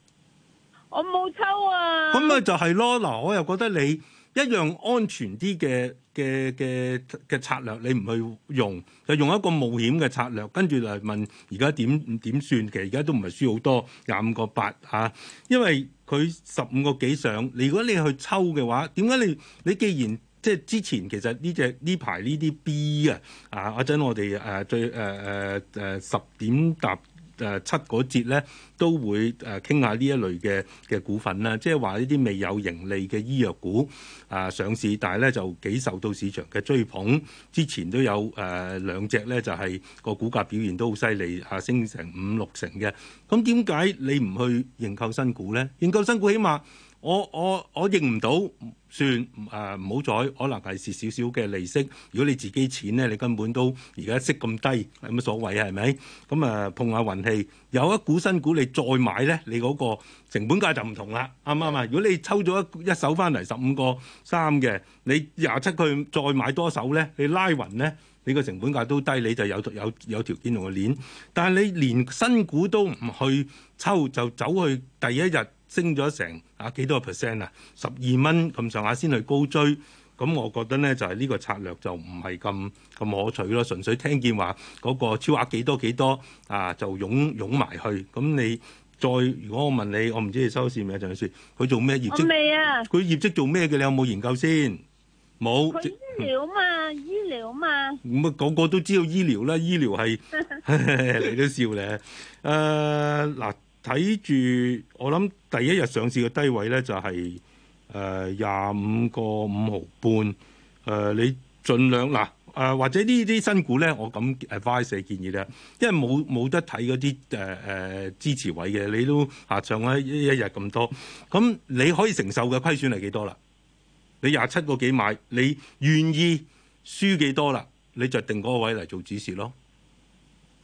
我冇抽啊！咁咪就係咯嗱，我又覺得你一樣安全啲嘅嘅嘅嘅策略，你唔去用，就用一個冒險嘅策略，跟住就係問而家點點算？其實而家都唔係輸好多，廿五個八嚇，因為佢十五個幾上。你如果你去抽嘅話，點解你你既然即係之前其實呢隻呢排呢啲 B 啊啊阿陣，我哋誒最誒誒誒十點答。誒七個節咧都會誒傾下呢一類嘅嘅股份啦，即係話呢啲未有盈利嘅醫藥股啊上市，但係咧就幾受到市場嘅追捧。之前都有誒、啊、兩隻咧就係、是、個股價表現都好犀利，上、啊、升成五六成嘅。咁點解你唔去認購新股咧？認購新股起碼。我我我認唔到算，誒，唔、呃、好彩可能係蝕少少嘅利息。如果你自己錢呢，你根本都而家息咁低，有乜所謂係咪？咁啊碰下運氣，有一股新股你再買呢，你嗰個成本價就唔同啦，啱唔啱啊？如果你抽咗一一手翻嚟十五個三嘅，你廿七去再買多手呢，你拉勻呢，你個成本價都低，你就有有有條件同佢連。但係你連新股都唔去抽，就走去第一日升咗成啊幾多個 percent 啊？十二蚊咁上下先去高追，咁我覺得咧就係、是、呢個策略就唔係咁咁可取咯。純粹聽見話嗰個超額多幾多幾多啊，就擁擁埋去。咁你再如果我問你，我唔知你收市未啊，陳女士，佢做咩業績？我未啊。佢業績做咩嘅？你有冇研究先？冇。佢醫療嘛，嗯、醫療嘛。咁啊，個個都知道醫療啦，醫療係 你都笑咧。誒、呃、嗱。睇住我諗第一日上市嘅低位咧就係誒廿五個五毫半，誒你盡量嗱誒、呃、或者呢啲新股咧我咁 advise 建議啦，因為冇冇得睇嗰啲誒誒支持位嘅，你都吓上咗一日咁多，咁你可以承受嘅虧損係幾多啦？你廿七個幾買，你願意輸幾多啦？你就定嗰個位嚟做指示咯。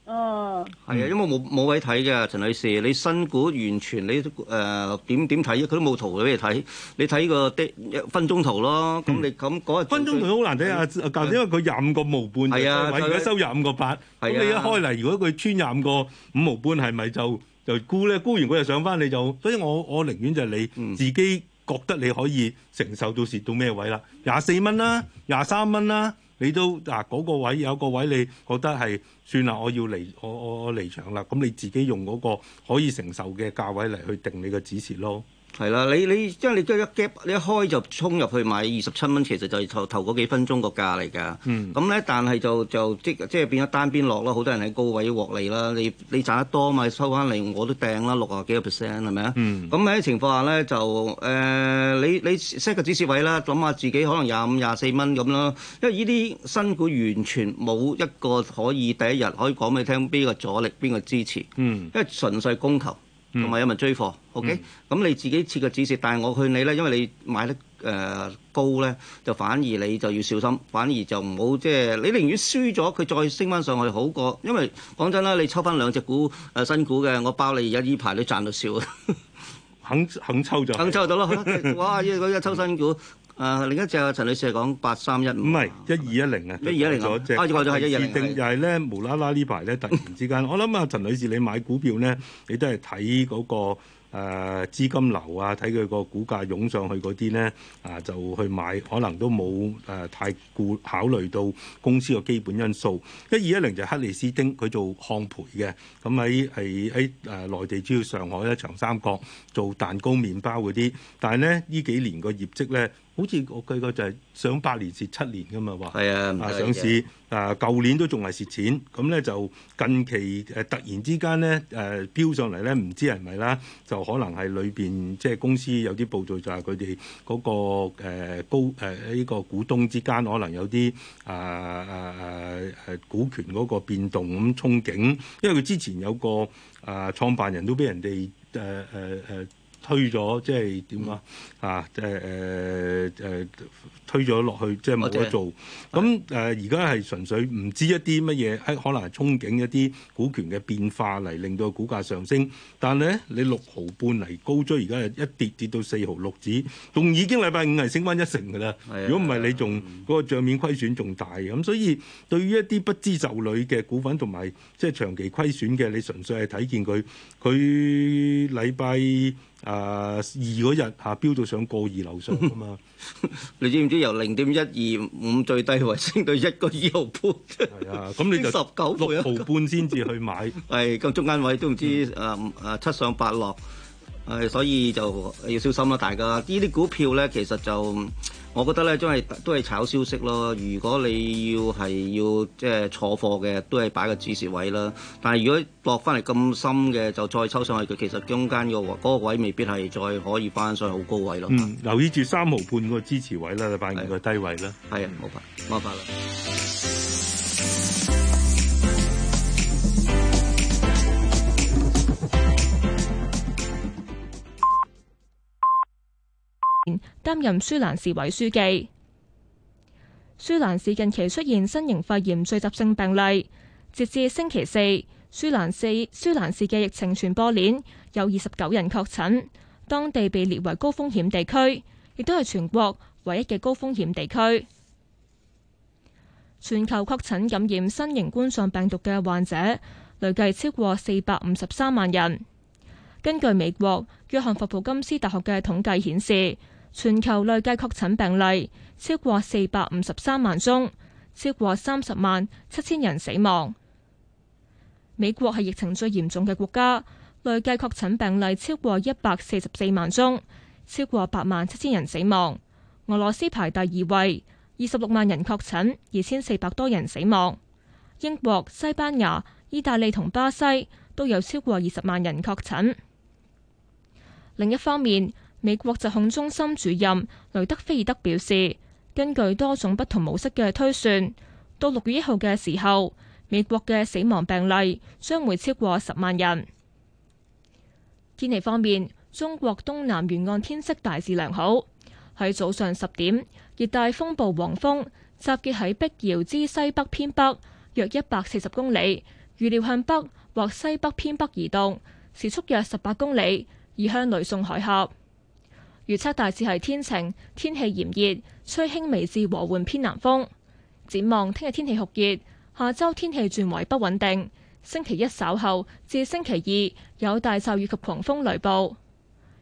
哦，係啊，因為冇冇位睇嘅，陳女士，你新股完全你誒點點睇？佢都冇圖俾你睇，你睇、呃、個的一分鐘圖咯。咁、嗯、你咁嗰分鐘圖都好難睇啊！是因為佢廿五個毛半，啊、位而家收廿五個八、啊。咁你一開嚟，如果佢穿廿五個五毛半是是，係咪就呢就沽咧？沽完佢又上翻，你就所以我我寧願就係你自己覺得你可以承受到蝕到咩位啦？廿四蚊啦，廿三蚊啦。你都嗱嗰個位有個位，個位你覺得係算啦，我要離，我我離場啦。咁你自己用嗰個可以承受嘅價位嚟去定你嘅指示咯。係啦，你你即係你即一 gap，你一開就衝入去買二十七蚊，其實就係頭頭嗰幾分鐘個價嚟㗎。咁咧、嗯，但係就就即即係變咗單邊落咯。好多人喺高位獲利啦，你你賺得多嘛，收翻嚟我都掟啦，六十幾個 percent 係咪啊？咁喺、嗯、情況下咧，就誒、呃、你你 set 個止蝕位啦，諗下自己可能廿五、廿四蚊咁啦。因為呢啲新股完全冇一個可以第一日可以講俾你聽邊個阻力、邊個支持，嗯、因為純粹供求。同埋有咪追貨，OK？咁、嗯、你自己設個止蝕，但係我勸你咧，因為你買得誒、呃、高咧，就反而你就要小心，反而就唔好。即、就、係、是、你寧願輸咗，佢再升翻上去好過。因為講真啦，你抽翻兩隻股誒、啊、新股嘅，我包你而家呢排都賺到笑。 肯肯抽就是、肯抽到、就、咯、是，哇、 嗯！一一抽新股。誒另一隻啊，陳女士講八三一五唔係一二一零啊，一二一零啊嗰隻。阿智講咗係一二一零，又係咧，無啦啦呢排咧突然之間，我諗啊，陳女士你買股票咧，你都係睇嗰個誒資金流啊，睇佢個股價湧上去嗰啲咧啊，就去買，可能都冇誒太顧考慮到公司嘅基本因素。一二一零就係克利斯丁，佢做烘焙嘅，咁喺係喺誒內地主要上海咧長三角做蛋糕麵包嗰啲，但係咧呢幾年個業績咧。好似我計過就係上八年蝕七年㗎嘛，話係啊，上市啊，舊年都仲係蝕錢，咁咧就近期誒突然之間咧誒飆上嚟咧，唔知係咪啦？就可能係裏邊即係公司有啲報道就、那個，就係佢哋嗰個高誒呢、呃這個股東之間可能有啲、呃、啊啊啊誒股權嗰個變動咁憧憬，因為佢之前有個啊、呃、創辦人都俾人哋誒誒誒推咗，即係點講？啊！即係誒誒推咗落去，即係冇得做。咁誒而家係純粹唔知一啲乜嘢，可能係憧憬一啲股權嘅變化嚟令到股價上升。但係咧，你六毫半嚟高追，而家係一跌跌到四毫六紙，仲已經禮拜五係升翻一成㗎啦。如果唔係，你仲嗰個帳面虧損仲大。咁、嗯、所以，對於一啲不知就裏嘅股份同埋，即係長期虧損嘅，你純粹係睇見佢，佢禮拜誒二嗰日吓飆到。想過二樓上啊嘛！ 你知唔知由零點一二五最低位升到一個二毫半？係啊，咁你就六毫半先至去買。係咁， 中間位都唔知誒誒、嗯啊、七上八落。誒，所以就要小心啦，啊，大家呢啲股票咧，其實就我覺得咧，都係都係炒消息咯。如果你要係要即係坐貨嘅，都係擺個止蝕位啦。但係如果落翻嚟咁深嘅，就再抽上去，佢其實中間，嗰個嗰、嗰個、位未必係再可以翻上去好高位咯。嗯，留意住三毫半嗰個支持位啦，就擺個低位啦。係啊，冇辦法，冇辦法啦。擔任舒蘭市委書記。舒蘭市近期出現新型肺炎聚集性病例，截至星期四，舒蘭市舒蘭市嘅疫情傳播鏈有二十九人確診，當地被列為高風險地區，亦都係全國唯一嘅高風險地區。全球確診感染新型冠狀病毒嘅患者累計超過四百五十三萬人。根據美國約翰霍普金斯大學嘅統計顯示。全球累計確診病例超過四百五十三萬宗，超過三十萬七千人死亡。美國係疫情最嚴重嘅國家，累計確診病例超過一百四十四萬宗，超過八萬七千人死亡。俄羅斯排第二位，二十六萬人確診，二千四百多人死亡。英國、西班牙、意大利同巴西都有超過二十萬人確診。另一方面。美國疾控中心主任雷德菲爾德表示，根據多種不同模式嘅推算，到六月一號嘅時候，美國嘅死亡病例將會超過十萬人。天氣方面，中國東南沿岸天色大致良好。喺早上十點，熱帶風暴黃蜂集結喺碧瑤之西北偏北約一百四十公里，預料向北或西北偏北移動，時速約十八公里，而向雷宋海峽。預測大致係天晴，天氣炎熱，吹輕微至和緩偏南風。展望聽日天氣酷熱，下周天氣轉為不穩定。星期一稍後至星期二有大驟雨及狂風雷暴。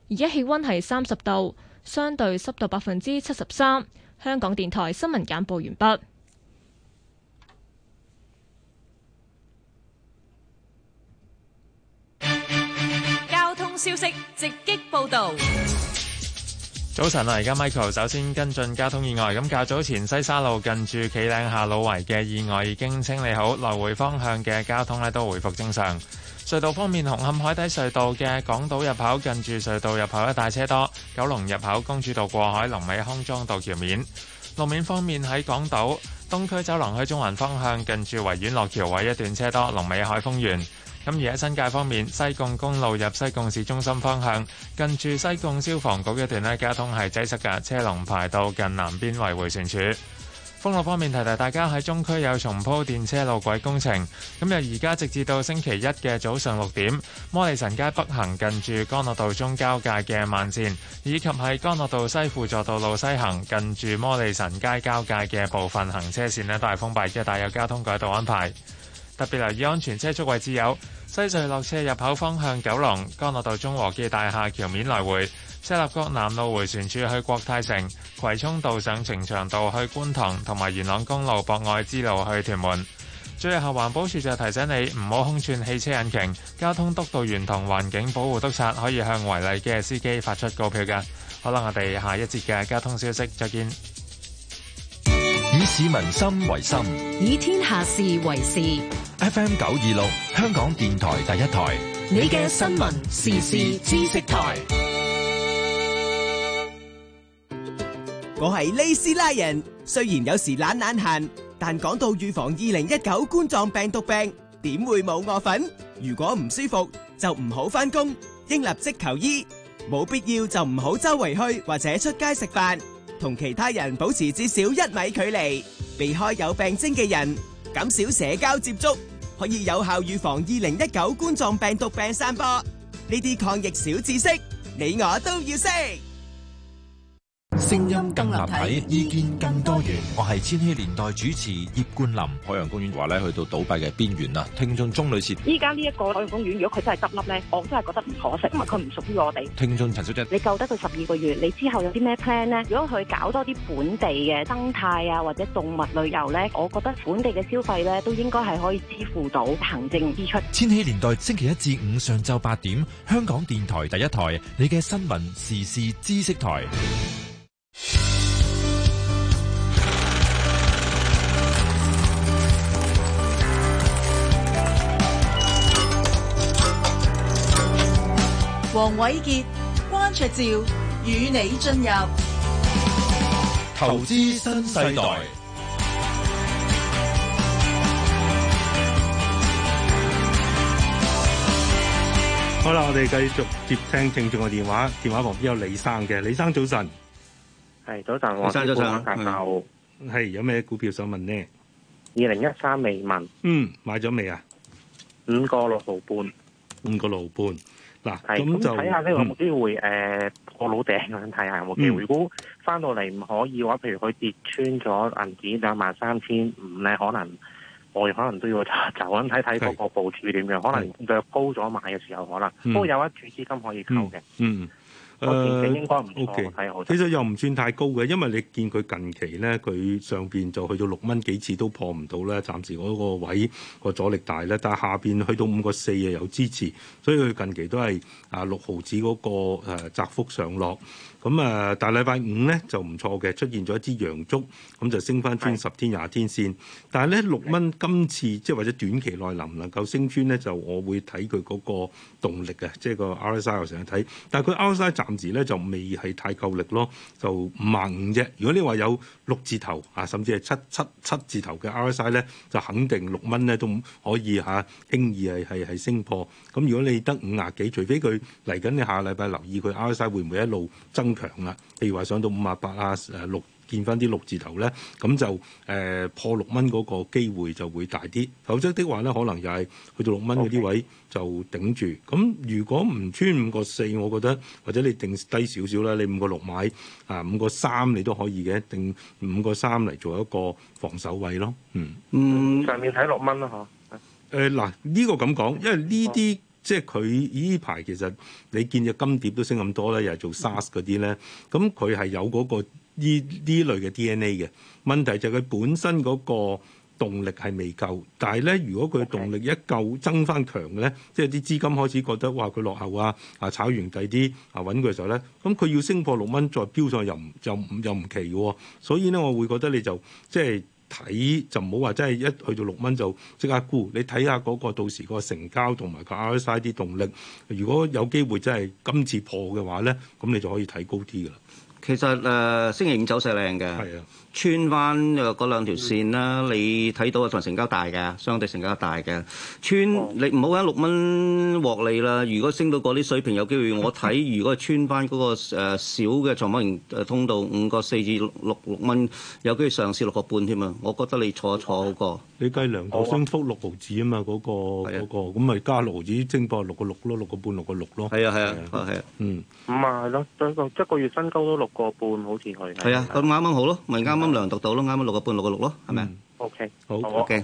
而家氣溫係三十度，相對濕度百分之七十三。香港電台新聞簡報完畢。交通消息直擊報道。早晨啊！而家 Michael 首先跟進交通意外咁，較早前西沙路近住企嶺下路圍嘅意外已經清理好，來回方向嘅交通咧都恢復正常。隧道方面，紅磡海底隧道嘅港島入口近住隧道入口一帶車多；九龍入口公主道過海龍尾康莊道橋面路面方面喺港島東區走廊去中環方向近住維園落橋位一段車多，龍尾海峰園。咁而喺新界方面，西貢公路入西貢市中心方向，近住西貢消防局一段咧，交通係擠塞嘅，車龍排到近南邊圍回旋處。封路方面，提提大家喺中區有重鋪電車路軌工程。咁由而家直至到星期一嘅早上六點，摩利臣街北行近住干諾道中交界嘅慢綫，以及喺干諾道西輔助道路西行近住摩利臣街交界嘅部分行車綫咧，都係封閉，亦都有交通改道安排。特別留意安全車速位置，有西隧落車入口方向、九龍江樂道中和記大廈橋面來回赤鱲角南路回旋處去國泰城、葵涌道上呈祥道去觀塘，同埋元朗公路博愛之路去屯門。最後環保署就提醒你唔好空轉汽車引擎，交通督導員同環境保護督察可以向違例嘅司機發出告票㗎。好啦，我哋下一節嘅交通消息再見。以民心為心，以天下事為事。FM 九二六，香港電台第一台。你嘅新聞時事知識台。我係利斯拉人，雖然有時懶懶閒，但講到預防二零一九冠狀病毒病，點會冇我份？如果唔舒服，就唔好返工，應立即求醫。冇必要就唔好周圍去，或者出街食飯。同其他人保持至少一米距離，避開有病徵嘅人，減少社交接觸，可以有效預防二零一九冠狀病毒病散播。呢啲抗疫小知識，你我都要識。聲音更立體，意見更多元。我係千禧年代主持葉冠林，海洋公園話咧，去到倒閉嘅邊緣啦。聽眾鍾女士，依家呢一個海洋公園，如果佢真係執笠呢，我真係覺得唔可惜，因為佢唔屬於我哋。聽眾陳小姐，你救得佢十二個月，你之後有啲咩 plan 咧？如果佢搞多啲本地嘅生態啊，或者動物旅遊呢，我覺得本地嘅消費呢，都應該係可以支付到行政支出。千禧年代星期一至五上晝八點，香港電台第一台，你嘅新聞時事知識台。黃瑋傑、關焯照與你進入投資新世代。好啦，我哋繼續接聽聽眾嘅電話。電話旁邊有李生嘅，李生早晨。係早晨，黃生早晨。就係有咩股票想問呢？二零一三未問。嗯，買咗未啊？五個六毫半，五個六毫半。嗱，咁就睇下呢個有冇機會誒破老頂，睇下有冇機會。如果翻到嚟唔可以嘅話，譬如佢跌穿咗銀紙兩萬三千五咧，可能我哋可能都要就咁睇睇嗰個部署點樣。可能略高咗買嘅時候可能，都有一注資金可以扣嘅。嗯。誒、uh，O.K.，其實又唔算太高嘅，因為你見佢近期咧，佢上邊就去到六蚊幾次都破唔到咧，暫時嗰個位個阻力大咧。但係下邊去到五個四誒有支持，所以佢近期都係啊六毫子嗰個窄幅上落。咁啊，大禮拜五咧就唔錯嘅，出現咗一支陽燭，咁就升翻穿十天、廿天線。但係咧六蚊今次即係或者短期內能唔能夠升穿咧，就我會睇佢嗰個動力嘅，即係個 RSI 我成日睇，但係佢 RSI 暫時咧就未係太夠力咯，就五十五啫。如果你話有六字頭啊，甚至係七七七字頭嘅 RSI 咧，就肯定六蚊咧都可以嚇、啊、輕易係係係升破。咁如果你得五廿幾，除非佢嚟緊你下禮拜留意佢 RSI 會唔會一路增。強啦，譬如話上到五啊八啊，誒六見翻啲六字頭咧，咁就誒、呃、破六蚊嗰個機會就會大啲，否則的話咧可能又係去到六蚊嗰啲位就頂住。咁 Okay. 如果唔穿五個四，我覺得或者你定低少少啦，你五個六買啊，五個三你都可以嘅，定五個三嚟做一個防守位咯。嗯，嗯上面睇六蚊咯，嗬、呃。誒嗱呢個咁講，因為呢啲。嗯即係佢依排其實你見隻金碟都升咁多咧，又係做 SaaS 嗰啲咧，咁佢係有嗰、個呢依類嘅 DNA 嘅問題就係佢本身嗰個動力係未夠，但係咧如果佢動力一夠增翻強咧，Okay. 即係啲資金開始覺得哇佢落後啊，啊炒完第啲啊穩佢嘅時候咧，咁佢要升破六蚊再飆上去又唔又唔又唔奇嘅喎、哦，所以咧我會覺得你就即係。睇就唔好話真係一去到六蚊就即刻沽。你睇下嗰個到時個成交同埋 RSI 啲動力，如果有機會真係今次破嘅話咧，咁你就可以睇高啲㗎喇。其實誒、呃、星期五走勢靚嘅。係啊。穿翻誒嗰兩條線啦，你睇到啊同成交大嘅，相對成交大嘅穿，你唔好講六蚊獲利啦。如果升到嗰啲水平，有機會我睇，如果穿翻嗰個誒小嘅長方形誒通道，五個四至六六六蚊，有機會上試六個半添啊！我覺得你坐坐過。你計兩個升幅六毫子啊嘛，嗰個嗰個咁咪加六毫子，升破六個六咯，六個半六個六咯。係啊係啊係啊，嗯，咁啊係咯，一個一個月新高都六個半，好似係。係啊，咁啱啱好咯，咪啱啱。咁量讀到咯，啱啱六個半六個六咯，係咪 OK，好 OK，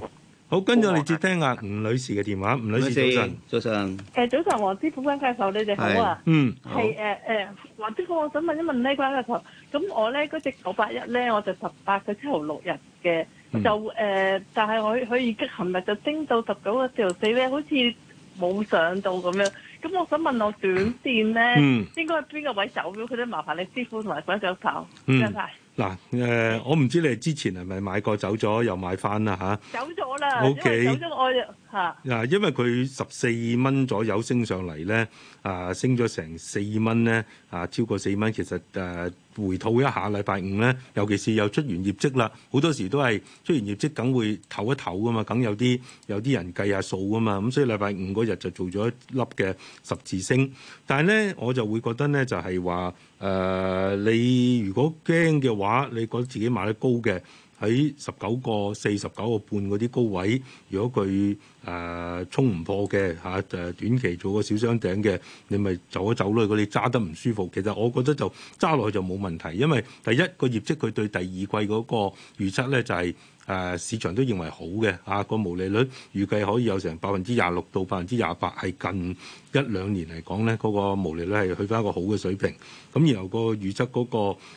好，跟住我哋接聽啊，吳女士嘅電話。吳女士，早晨。誒，早晨，黃師傅，關教授，你哋好啊。嗯，係誒誒，黃師傅我想問一問呢關教授，咁我咧嗰隻九八一咧，我就十八個七毫六日嘅，就誒，但係我佢已經琴日就升到十九個四毫四咧，好似冇上到咁樣。咁我想問我短線咧，應該係邊個位走咗？佢都麻煩你師傅同埋關教授，真係。嗱，誒、呃，我唔知你哋之前係咪買過走咗，又買翻啦吓，啊、走咗了啦，Okay. 因為嗱，因為佢十四蚊左右升上嚟咧，啊，升咗成四蚊咧，啊，超過四蚊，其實誒、啊、回吐一下，禮拜五咧，尤其是又出完業績啦，好多時都係出完業績梗會唞一唞噶嘛，梗有啲有啲人計下數噶嘛，咁所以禮拜五嗰日就做咗一粒嘅十字星。但係咧我就會覺得咧就係話誒，你如果驚嘅話，你覺得自己買得高嘅。喺十九個四十九個半嗰啲高位，如果佢誒衝唔破嘅嚇，誒、啊、短期做個小雙頂嘅，你咪走一走咯。如果你揸得唔舒服，其實我覺得就揸落去就冇問題，因為第一個業績佢對第二季嗰個預測咧就係、是。誒市場都認為好嘅，啊、嗰個毛利率預計可以有成百分之廿六到百分之廿八，係近一兩年嚟講咧，嗰、嗰個毛利率係去翻一個好嘅水平。咁然後個預測嗰、嗰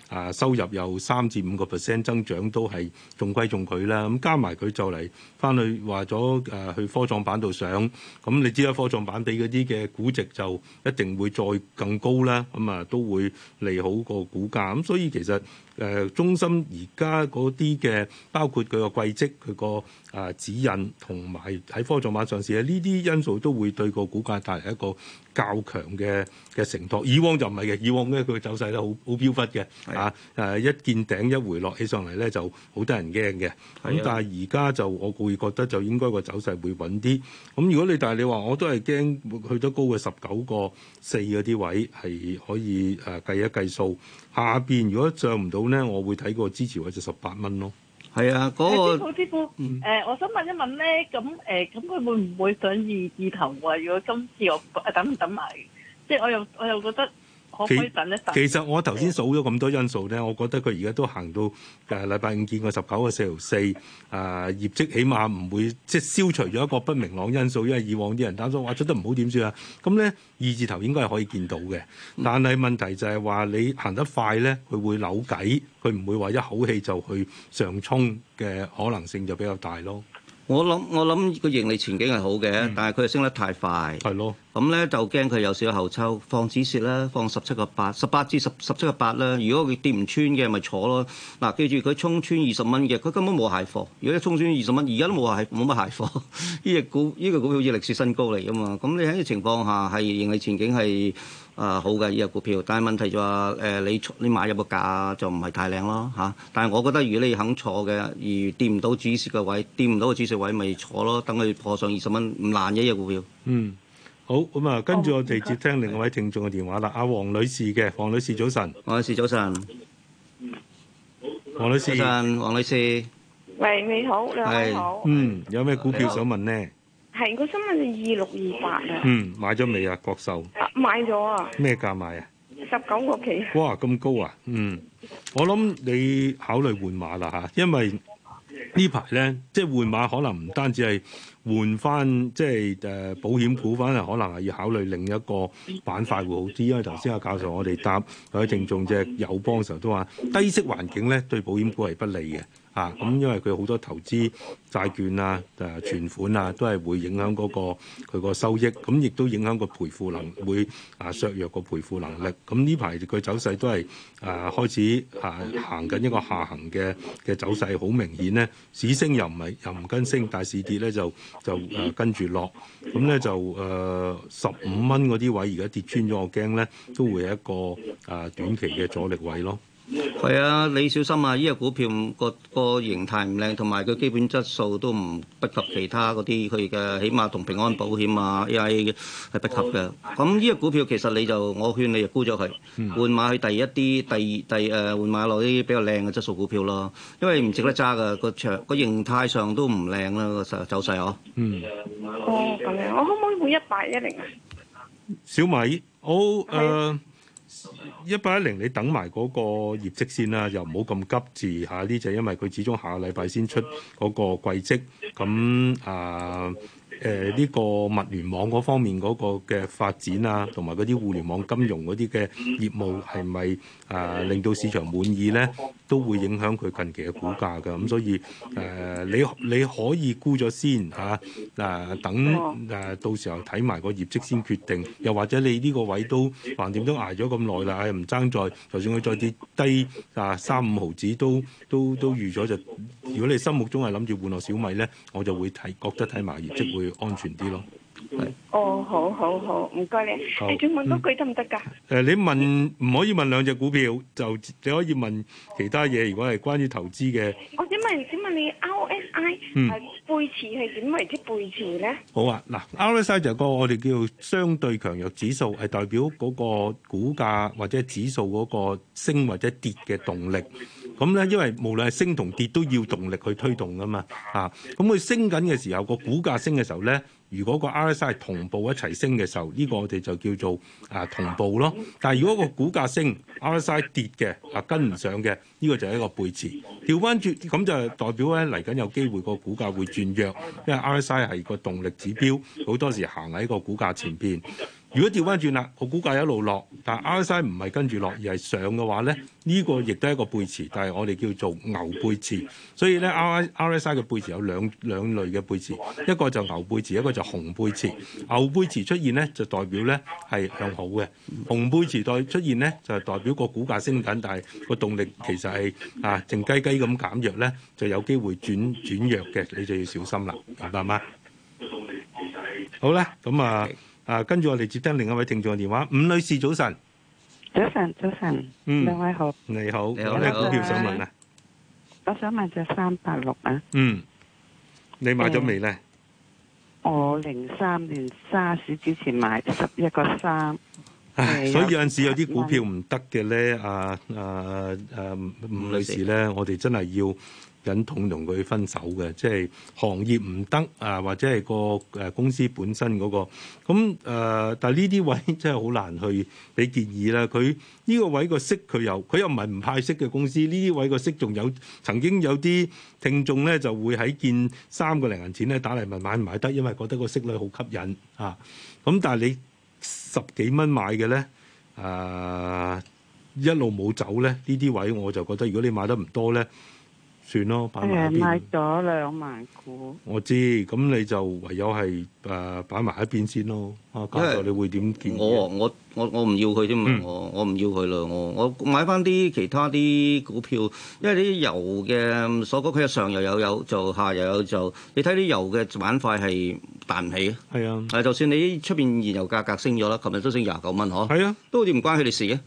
個、啊、收入有三至五個 percent 增長都係中規中矩啦。咁加埋佢就嚟翻去話咗誒去科創板度上，上，咁你知啦，科創板俾嗰啲嘅估值就一定會再更高啦。咁啊都會利好個股價。咁所以其實。誒、呃、中芯而家嗰啲嘅，包括佢個季績、佢個啊指引同埋喺科創板上市啊，呢啲因素都會對個股價帶嚟一個較強嘅嘅承托。以往就唔係嘅，以往咧佢走勢咧好好飄忽嘅，的啊誒一見頂一回落起上嚟咧就好得人驚嘅。咁的、嗯、但係而家就我會覺得就應該個走勢會穩啲。咁、嗯、如果你但係你話我都係驚去得高嘅十九個四嗰啲位係可以誒計一計數。下邊如果漲唔到咧，我會睇個支持位就十八蚊咯。係啊，嗰、那個支付、 呃、我想問一問咧，咁誒咁佢會唔會想二字頭位，啊？如果今次我等唔等埋，即係我又我又覺得。其實我頭先數咗咁多因素咧，我覺得佢而家都行到誒禮拜五見過十九個四條四啊，業績起碼唔會即係消除咗一個不明朗因素，因為以往啲人擔心話做得唔好點算啊。咁咧二字頭應該係可以見到嘅，但係問題就係話你行得快咧，佢會扭計，佢唔會話一口氣就去上衝嘅可能性就比較大咯。我諗我諗個盈利前景係好嘅，嗯、但係佢升得太快，係咯的，咁咧、嗯、就驚佢有少少後抽，放止蝕啦，放十七個八、十八至十十七個八啦。如果佢跌唔穿嘅，咪坐咯。嗱，記住佢衝穿二十蚊嘅，佢根本冇鞋貨。如果一衝穿二十蚊，而家都冇話係冇乜鞋貨。呢隻股呢個股票好似歷史新高嚟㗎嘛。咁、嗯嗯、你喺呢個情況下係盈利前景係。誒、啊、好嘅呢隻股票，但係問題就係誒你你買入個價就唔係太靚咯嚇、啊。但係我覺得如果你肯坐嘅，而掂唔到支持嘅位，掂唔到個支持位咪坐咯，等佢破上二十蚊唔難嘅呢隻股票嗯，好。嗯，好咁啊，跟住我哋接聽另外一位聽眾嘅電話啦。阿、啊、黃女士嘅，黃女士早晨，黃女士，早晨，黃女士早晨，黃女士，黃女士，喂，你好，你好，你好嗯，有咩股票好想問呢？係，個身份係二六二八啊！嗯，買咗未啊，國壽？啊，買咗啊！咩價買啊？十九個幾。哇，咁高啊！嗯，我諗你考慮換馬啦吓，因為呢排咧，即係換馬可能唔單止係換翻，即係誒保險股翻，係可能係要考慮另一個板塊會好啲。因為頭先阿教授我哋答有聽眾隻友邦嘅時候都話，低息環境咧對保險股係不利嘅。啊，咁因為佢好多投資債券啊、誒、啊、存款啊，都係會影響嗰、那個佢個收益，咁亦都影響個賠付能，會啊削弱個賠付能力。咁呢排佢走勢都係誒、啊、開始啊行緊一個下行嘅嘅走勢，好明顯咧。市升又唔係又唔跟升，但係市跌咧就就誒、啊、跟住落。咁咧就誒十五蚊嗰啲位而家跌穿咗，我驚咧都會係一個誒、啊、短期嘅阻力位咯。係 啊，你小心啊！依、這、隻、個、股票個個形態唔靚，同埋佢基本質素都唔不及其他嗰啲，佢嘅起碼同平安保險啊，AIA 係不及嘅。咁呢隻股票其實你就我勸你就沽咗佢， 換買去第一啲、第二、第誒換買落啲比較靚嘅質素股票咯。因為唔值得揸㗎，個長個形態上都唔靚啦，個走勢、啊、 哦。嗯。哦，咁樣，我可唔可以換一百一零啊？小米，好、oh, 誒、uh。一八一零，110，你等埋嗰個業績先啦，又唔好咁急住吓，呢就因為佢始終下個禮拜先出嗰個季績，咁啊。誒呢、呃這個物聯網嗰方面嗰個嘅發展啊，同埋嗰啲互聯網金融嗰啲嘅業務係咪啊令到市場滿意呢？都會影響佢近期嘅股價㗎。咁、嗯、所以誒、呃，你你可以估咗先嚇，嗱、啊、等誒到時候睇埋個業績先決定。又或者你呢個位都橫掂都捱咗咁耐啦，唔、啊、爭再，就算佢再跌低啊三五毫子都都都預咗就。如果你心目中係諗住換落小米呢，我就會睇覺得睇埋業績會。安全啲咯。哦，好好好，唔該你。你仲問多句得唔得噶？誒，你問唔可以問兩隻股票，就你可以問其他嘢。如果係關於投資嘅，我想問，想問你 RSI 背馳係點為之背馳咧？好啊，嗱，RSI 就係個我哋叫相對強弱指數，係代表嗰個股價或者指數嗰個升或者跌嘅動力。咁咧，因為無論係升同跌都要動力去推動噶嘛，啊，咁、嗯、佢升緊嘅時候，個股價升嘅時候咧，如果個 RSI 同步一齊升嘅時候，呢、呢個我哋就叫做啊同步咯。但係如果個股價升，RSI 跌嘅啊跟唔上嘅，呢、呢個就係一個背馳。調翻轉，咁就代表咧，嚟緊有機會個股價會轉弱，因為 RSI 係個動力指標，好多時行喺個股價前邊。如果調翻轉啦，個股價一路落，但係 RSI 唔係跟住落而係上嘅話咧，呢、這個亦都係一個背馳，但係我哋叫做牛背馳。所以咧，RSI 嘅背馳有兩兩類嘅背馳，一個就牛背馳，一個就熊背馳。牛背馳出現咧，就代表咧係向好嘅；熊背馳再出現咧，就係代表個股價升緊，但係個動力其實係啊靜雞雞咁減弱咧，就有機會轉轉弱嘅，你就要小心啦，明白嗎？好啦，咁啊。啊，跟住我哋接聽另一位聽眾嘅電話，伍女士早晨，早晨早晨，兩位好，你好，有咩股票想問啊？我想問隻三八六啊，嗯，你買咗未呢？我零三年沙士之前買十一個三，唉，所以有陣時有啲股票唔得嘅呢。啊啊啊伍女士呢，我哋真係要。忍痛同佢分手嘅，即係行業唔得啊，或者係個誒公司本身嗰、嗰個咁誒、呃。但係呢啲位真係好難去俾建議啦。佢呢、呢個位個息佢又，佢又唔係唔派息嘅公司。呢啲位個息仲有曾經有啲聽眾咧，就會喺見三個零銀錢咧打嚟問買唔買得，因為覺得個息率好吸引啊。咁但係你十幾蚊買嘅咧，誒、啊、一路冇走咧，呢啲位我就覺得，如果你買得唔多咧。算咯，擺埋邊。誒，賣咗兩萬股。我知，咁你就唯有係。誒擺埋一邊先咯，因為你會點見？我我我我唔要佢添啊！我我唔要佢啦，我我買翻啲其他啲股票，因為啲油嘅所講佢有上又有有，就下又有就。你睇啲油嘅板塊係彈唔起啊？係啊，係就算你出邊燃油價格升咗啦，琴日都升廿九蚊，嗬？係啊，都好似唔關佢哋事嘅，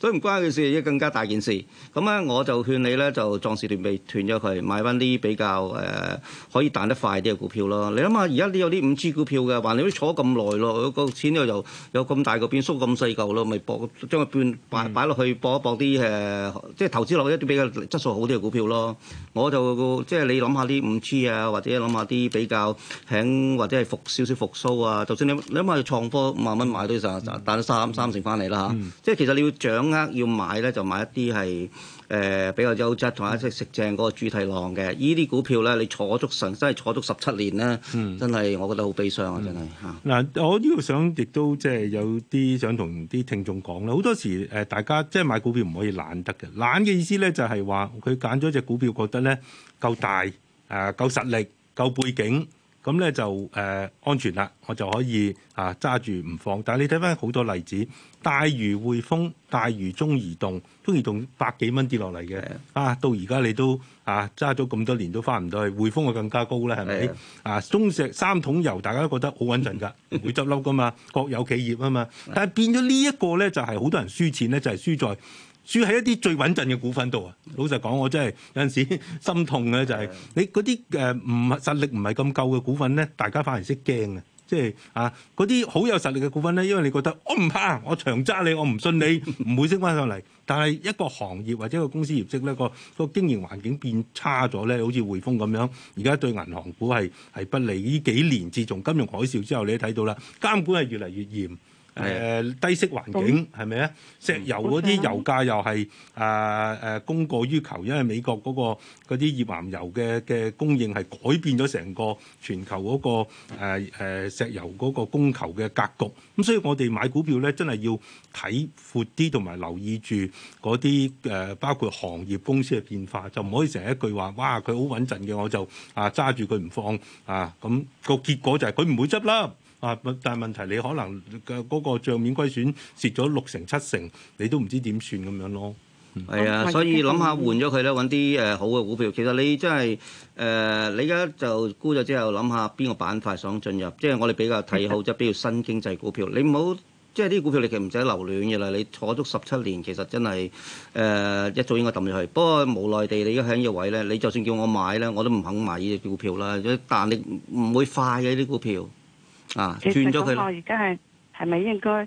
所以唔關佢事，而且更加大件事。咁咧，我就勸你咧就壯士斷臂斷咗佢，買翻啲比較誒可以彈得快啲嘅股票咯。你諗下，而家啲有啲。五 G 股票嘅，話你都坐咁耐咯，嗰個錢又又有咁大個變，縮咁細嚿咯，咪博將佢變擺擺落去博一博啲誒，即係投資落去一啲比較質素好啲嘅股票咯。我就即係你諗下啲五 G 啊，或者諗下啲比較輕或者係復少少復甦啊。就算你你諗下創科五萬蚊買都要賺賺三三成翻嚟啦嚇，啊嗯、即係其實你要掌握要買咧，就買一啲係。誒、呃、比較優質，同埋一隻食正嗰個主題浪嘅，依啲股票咧，你坐足成，真係坐足十七年咧，嗯、真係我覺得好悲傷、嗯、啊！真係嚇。嗱，我呢個想亦都即係有啲想同啲聽眾講咧，好多時誒、呃、大家即係買股票唔可以懶得嘅，懶嘅意思咧就係話佢揀咗隻股票覺得咧夠大，誒、呃、夠實力，夠背景。咁咧就誒安全啦，我就可以啊揸住唔放。但係你睇翻好多例子，大如匯豐、大如中移動、中移動百幾蚊跌落嚟嘅，啊到而家你都啊揸咗咁多年都翻唔到去。匯豐啊更加高啦，係咪？的啊中石三桶油大家都覺得好穩陣㗎，唔會執笠㗎嘛，國 有企業啊嘛。但係變咗呢一個咧，就係好多人輸錢咧，就係輸在。住喺一啲最穩陣嘅股份度啊！老實講，我真係有陣時 心痛嘅就係、是、的你嗰啲誒唔實力唔係咁夠嘅股份咧，大家反而識驚啊，即係啊嗰啲好有實力嘅股份咧，因為你覺得我唔怕，我長揸你，我唔信你唔 會升翻上嚟。但係一個行業或者一個公司業績咧，個、那個經營環境變差咗咧，好似匯豐咁樣，而家對銀行股係係不利。呢幾年自從金融海嘯之後，你都睇到啦，監管係越嚟越嚴，嚴。誒、呃、低息環境係咪啊？石油嗰啲油價又係誒誒供過於求，因為美國嗰啲頁岩油嘅嘅供應係改變咗成個全球嗰、嗰個誒、呃、石油嗰個供求嘅格局。咁所以我哋買股票咧，真係要睇闊啲，同埋留意住嗰啲誒包括行業公司嘅變化，就唔可以成日一句話，哇佢好穩陣嘅，我就啊揸住佢唔放啊咁、嗰個結果就係佢唔會執笠。啊！但係問題，你可能嘅嗰個帳面歸損虧損蝕咗六成七成，你都唔知點算咁樣咯。係、嗯、啊，所以諗下換咗佢啦，揾啲誒好嘅股票。其實你真係誒、呃，你而家就沽咗之後，諗下邊個板塊想進入。即係我哋比較睇好，即係比如新經濟股票。你唔好即係啲股票，你其實唔使留戀嘅啦。你坐足十七年，其實真係誒、呃、一早應該抌咗佢。不過無奈地，你而家喺呢個位咧，你就算叫我買咧，我都唔肯買呢隻股票啦。但你唔會快嘅呢啲股票。啊，轉咗佢啦！其實我而家係係咪應該誒？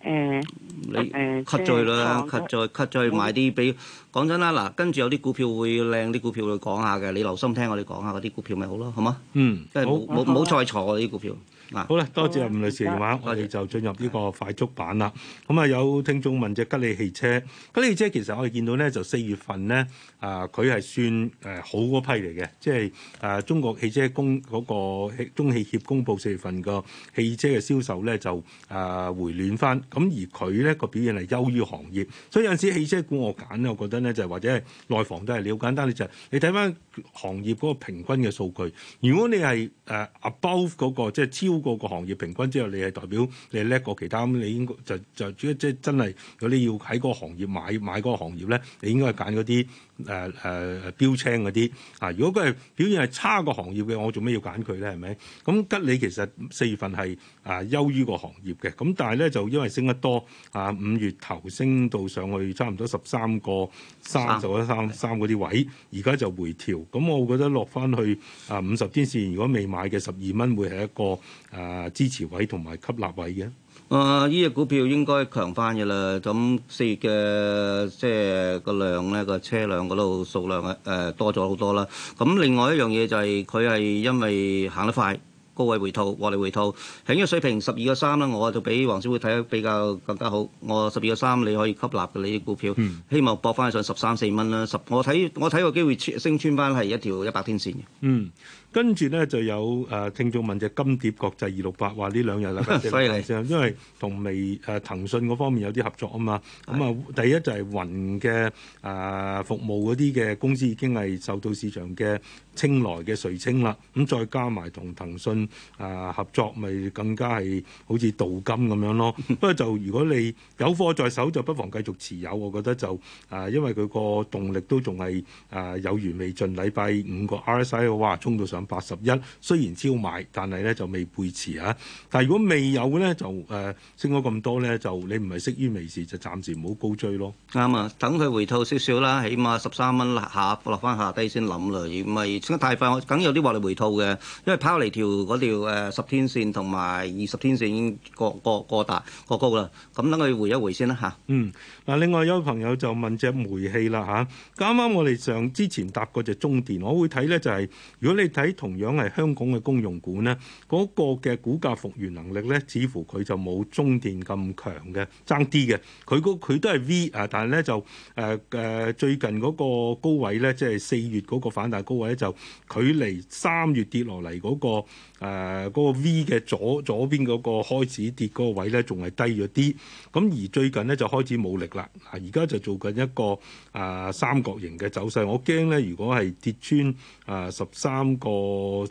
呃、你誒 cut 再啦，cut 再 cut 再買啲俾。講真啦，嗱，跟住有啲股票會靚，啲股票去講下嘅，你留心聽我哋講下嗰啲股票咪好咯，好嗎？嗯，即係冇冇冇再坐啲股票。嗱、啊，好啦，多謝，謝吳女士嘅話，謝謝我哋就進入呢個快速版啦。咁啊，有聽眾問隻吉利汽車，吉利汽車其實我哋見到咧，就四月份咧。啊，佢係、呃、算誒、呃、好嗰批嚟嘅，即係啊、呃，中國汽車公嗰、嗰個中汽協公佈四月份個汽車嘅銷售咧就啊、呃、回暖返，咁而佢咧個表現係優於行業，所以有陣時汽車股我揀我覺得咧就係、是、或者內房都係好簡單，就係、你就你睇返行業嗰個平均嘅數據，如果你係誒 above 嗰、嗰個即係、就係、超過個行業平均之後，你係代表你係叻過其他，咁你應該就就主要即係真係如果你要喺嗰個行業買買嗰個行業咧，你應該係揀嗰啲。誒誒、呃呃、標青嗰啲啊，如果佢係表現係差個行業嘅，我做咩要揀佢咧？係咪？咁吉利其實四月份係啊、呃、優於個行業嘅，咁但係咧就因為升得多啊，五月頭升到上去差唔多十三個三十一三三啲位，而家就回調咁，啊、我覺得落翻去啊五十天線，如果未買嘅十二蚊會係一個啊支持位同埋吸納位嘅。啊！呢隻、呃、股票應該強翻嘅啦。咁四月嘅即係個量咧，個車輛嗰度數量誒多咗好多啦。咁另外一樣嘢就係佢係因為行得快，高位回吐，獲利回吐，喺呢個水平十二個三啦，我就比黃師傅睇得比較更加好。我十二個三你可以吸納嘅呢啲股票，嗯、希望搏翻上十三四蚊啦。十我睇我睇個機會升穿翻係一條一百天線嘅。嗯。跟住咧就有誒聽眾問隻金蝶國際二六八話呢兩日啊，犀利先，因為同微誒騰訊嗰方面有啲合作啊嘛。咁啊的，第一就係雲嘅誒服務嗰啲嘅公司已經係受到市場嘅青睞嘅垂青啦。咁再加埋同騰訊誒合作，咪更加係好似鍍金咁樣咯。 不過就如果你有貨在手，就不妨繼續持有。我覺得就誒、呃，因為佢個動力都仲係誒有餘未盡，禮拜五個 RSI 嘅話衝到上。八十一，81，雖然超買，但係咧就未背馳啊。但係如果未有咧，就誒、呃、升咗咁多咧，就你唔係識於微時，就暫時唔好高追咯。啱啊，等佢回吐少少啦，起碼十三蚊下落翻下、下、下低先諗啦，如果唔係升得太快，我梗有啲獲利回吐嘅，因為拋嚟條條誒十天線同埋二十天線已經過過過大過高啦，咁等佢回一回先啦吓。嗯。嗱，另外一位朋友就問隻煤氣啦嚇，啱、啊、啱我哋上之前搭過隻中電，我會睇咧就係、是、如果你睇同樣係香港嘅公用股咧，嗰、那個嘅股價復原能力咧，似乎佢就冇中電咁強嘅，爭啲嘅，佢佢都係 V 啊，但係咧就誒誒、啊啊、最近嗰個高位咧，即係四月嗰個反彈高位呢就距離三月跌落嚟嗰個誒、啊那個、V 嘅左左邊嗰個開始跌嗰個位咧，仲係低咗啲，咁而最近咧就開始冇力。嗱，而家就在做緊一個啊、呃、三角形嘅走勢，我驚咧，如果係跌穿啊十三個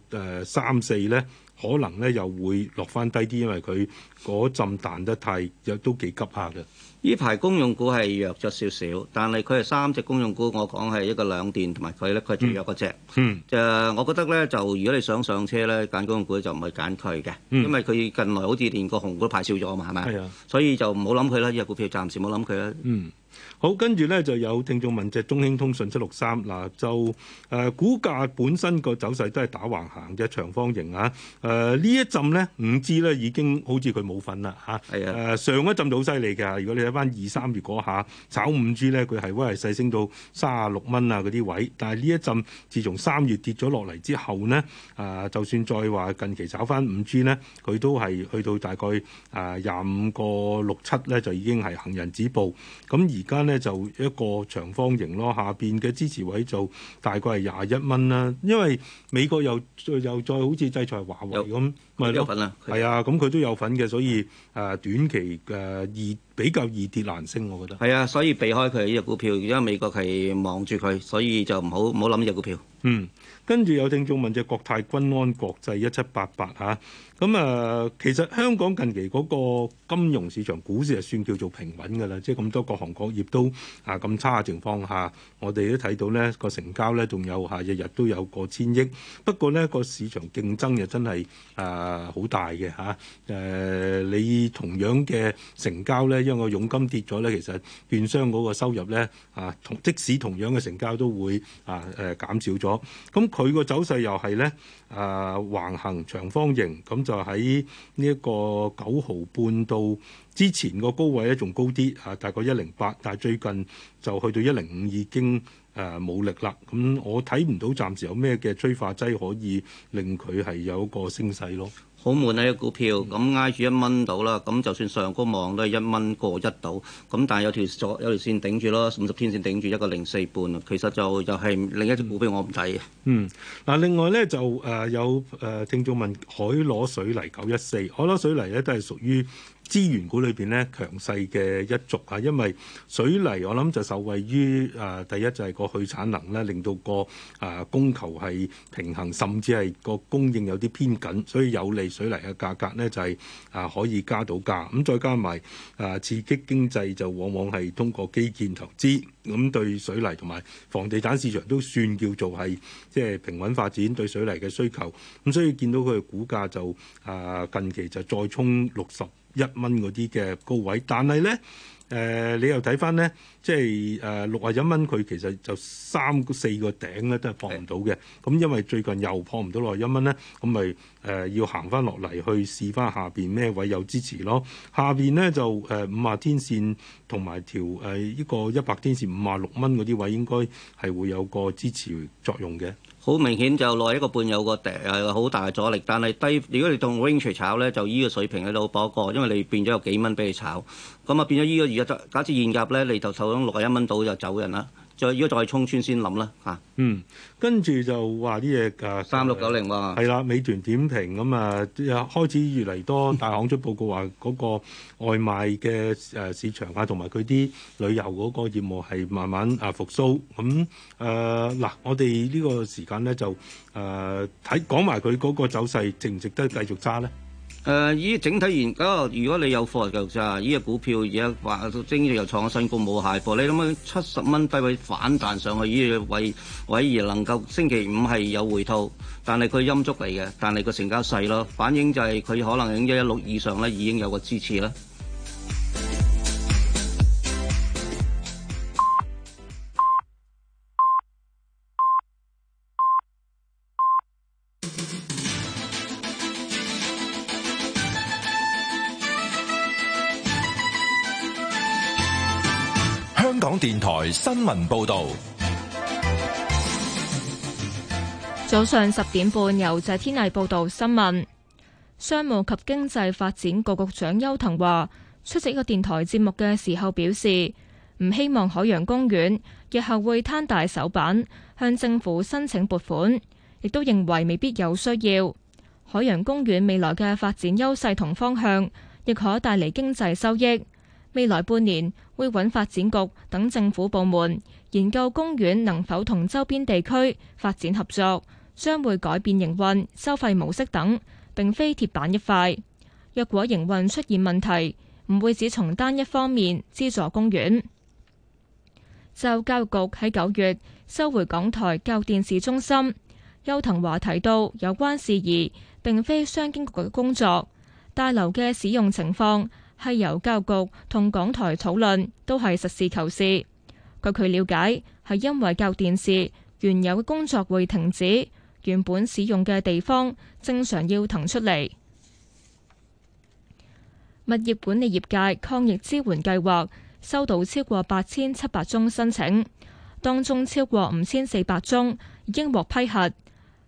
誒三四咧，可能咧又會落翻低啲，因為佢嗰陣彈得太，又都幾急下嘅。呢排公用股係弱咗少少，但係佢係三隻公用股，我講係一個兩電同埋佢咧，佢係最弱嗰隻。嗯，就我覺得咧，就如果你想上車咧，揀公用股就唔係揀佢嘅，嗯、因為佢近來好似連個紅股都派少咗啊嘛，係咪？係啊，所以就唔好諗佢啦，呢隻股票暫時冇諗佢啦。嗯。好，跟住咧就有聽眾問隻中興通訊七六三，嗱就誒股價本身個走勢都係打橫行嘅長方形啊，誒、呃、呢一陣呢，五 G 呢已經好似佢冇份啦嚇，誒、啊、的上一陣就好犀利嘅，如果你睇翻二三月嗰下炒五 G 呢，佢係屈係細升到三十六蚊啊嗰啲位，但係呢一陣自從三月跌咗落嚟之後呢，誒、呃、就算再話近期炒翻五 G 呢，佢都係去到大概誒廿五個六七呢，呃、就已經係行人止步，咁而。而家呢就一個長方形咯，下邊嘅支持位就大概係廿一蚊啦。因為美國又又再好似制裁華為咁，咪係啊，咁佢都有份嘅的，所以誒短期嘅二。比較易跌難升，我覺得。係啊，所以避開佢呢隻股票，因為美國係望住佢，所以就唔好唔好諗呢隻股票。嗯，跟住有聽眾問隻國泰君安國際一七八八吓，咁啊，其實香港近期嗰個金融市場股市係算叫做平穩㗎啦，即係咁多各行各業都啊咁差嘅情況下，啊，我哋都睇到呢個成交呢，仲有吓日日都有過千億，不過呢個市場競爭又真係啊好大嘅吓誒，你同樣嘅成交呢。因為佣金跌咗咧，其實券商嗰個收入咧啊，同即使同樣嘅成交都會啊誒、呃、減少咗。咁佢個走勢又係咧啊橫行長方形，咁就喺呢一個九毫半到之前個高位咧仲高啲啊，大概一零八，但係最近就去到一零五已經誒冇、啊、力啦。咁我睇唔到暫時有咩嘅催化劑可以令佢係有一個升勢咯。好悶啊！啲、這個、股票咁挨住一蚊到啦，咁就算上高望都係一蚊過一到，咁但係有條左有條線頂住咯，五十天線頂住一個零四半。其實就就係另一隻股票我，我唔睇嘅。嗯，嗱，另外呢，就誒有誒聽眾問海螺水泥九一四，海螺水泥呢都係屬於，資源股裏邊呢，強勢嘅一族啊，因為水泥我諗就受惠於誒、啊、第一就係個去產能呢，令到、個誒、啊、供求係平衡，甚至係個供應有啲偏緊，所以有利水泥嘅價格呢，就係、是、啊可以加到價。咁、嗯、再加埋誒、啊、刺激經濟就往往係通過基建投資，咁、嗯、對水泥同埋房地產市場都算叫做係即係平穩發展對水泥嘅需求。咁、嗯、所以見到佢嘅股價就啊近期就再衝六十。一蚊嗰啲嘅高位，但係咧，誒、呃，你又睇翻咧。即係誒六啊一蚊，佢其實就三四個頂咧都係破唔到嘅。咁是的 因為最近又破唔到六十一蚊咧，咁咪誒要行翻落嚟去試翻下邊咩位有支持咯？下邊咧就誒五啊天線同埋條誒依個一百天線，五啊六蚊嗰啲位應該係會有個支持作用嘅。好明顯就六一個半有個頂係好大嘅阻力，但係低如果你同 range 炒咧，就依個水平喺度搏過，因為你變咗有幾蚊俾你炒。咁啊變咗依、依個而家就假設現價咧，你就受咗。六一蚊到就走人啦，再如果再衝穿先諗啦嚇。嗯，跟住就話啲嘢誒三六九零喎，係啦、啊，美團點評咁啊，開始越嚟越多大行出報告話嗰個外賣嘅誒市場啊，同埋佢啲旅遊嗰個業務係慢慢啊復甦。咁誒嗱，我哋呢個時間咧就誒睇、呃、講埋佢嗰個走勢，值唔值得繼續揸咧？誒依、呃、整體研究，如果你有貨嘅就係依個股票而家話，終於又創新高冇下破。你諗下七十蚊低位反彈上去，以個位而能夠星期五係有回吐。但係佢陰足嚟嘅，但係個成交細咯。反映就係佢可能喺一一六以上咧，已經有個支持啦。電台新聞報道，早上十點半由謝天麗報道新聞。商務及經濟發展局局長邱騰華，出席一個電台節目嘅時候表示，唔希望海洋公園日後會攤大手板，向政府申請撥款，亦都認為未必有需要。海洋公園未來嘅發展優勢同方向，亦可帶嚟經濟收益。未來半年會搵發展局等政府部門研究公園能否同周邊地區發展合作，將會改變營運收費模式等，並非鐵板一塊。若果營運出現問題，唔會只從單一方面資助公園。就教育局喺九月收回港台教育電視中心，邱騰華提到有關事宜，並非商經局嘅工作。大樓嘅使用情況。係由教育局同港台討論，都係實事求是。據佢了解，係因為教育電視原有嘅工作會停止，原本使用嘅地方正常要騰出嚟。物業管理業界抗疫支援計劃收到超過八千七百宗申請，當中超過五千四百宗已經獲批核，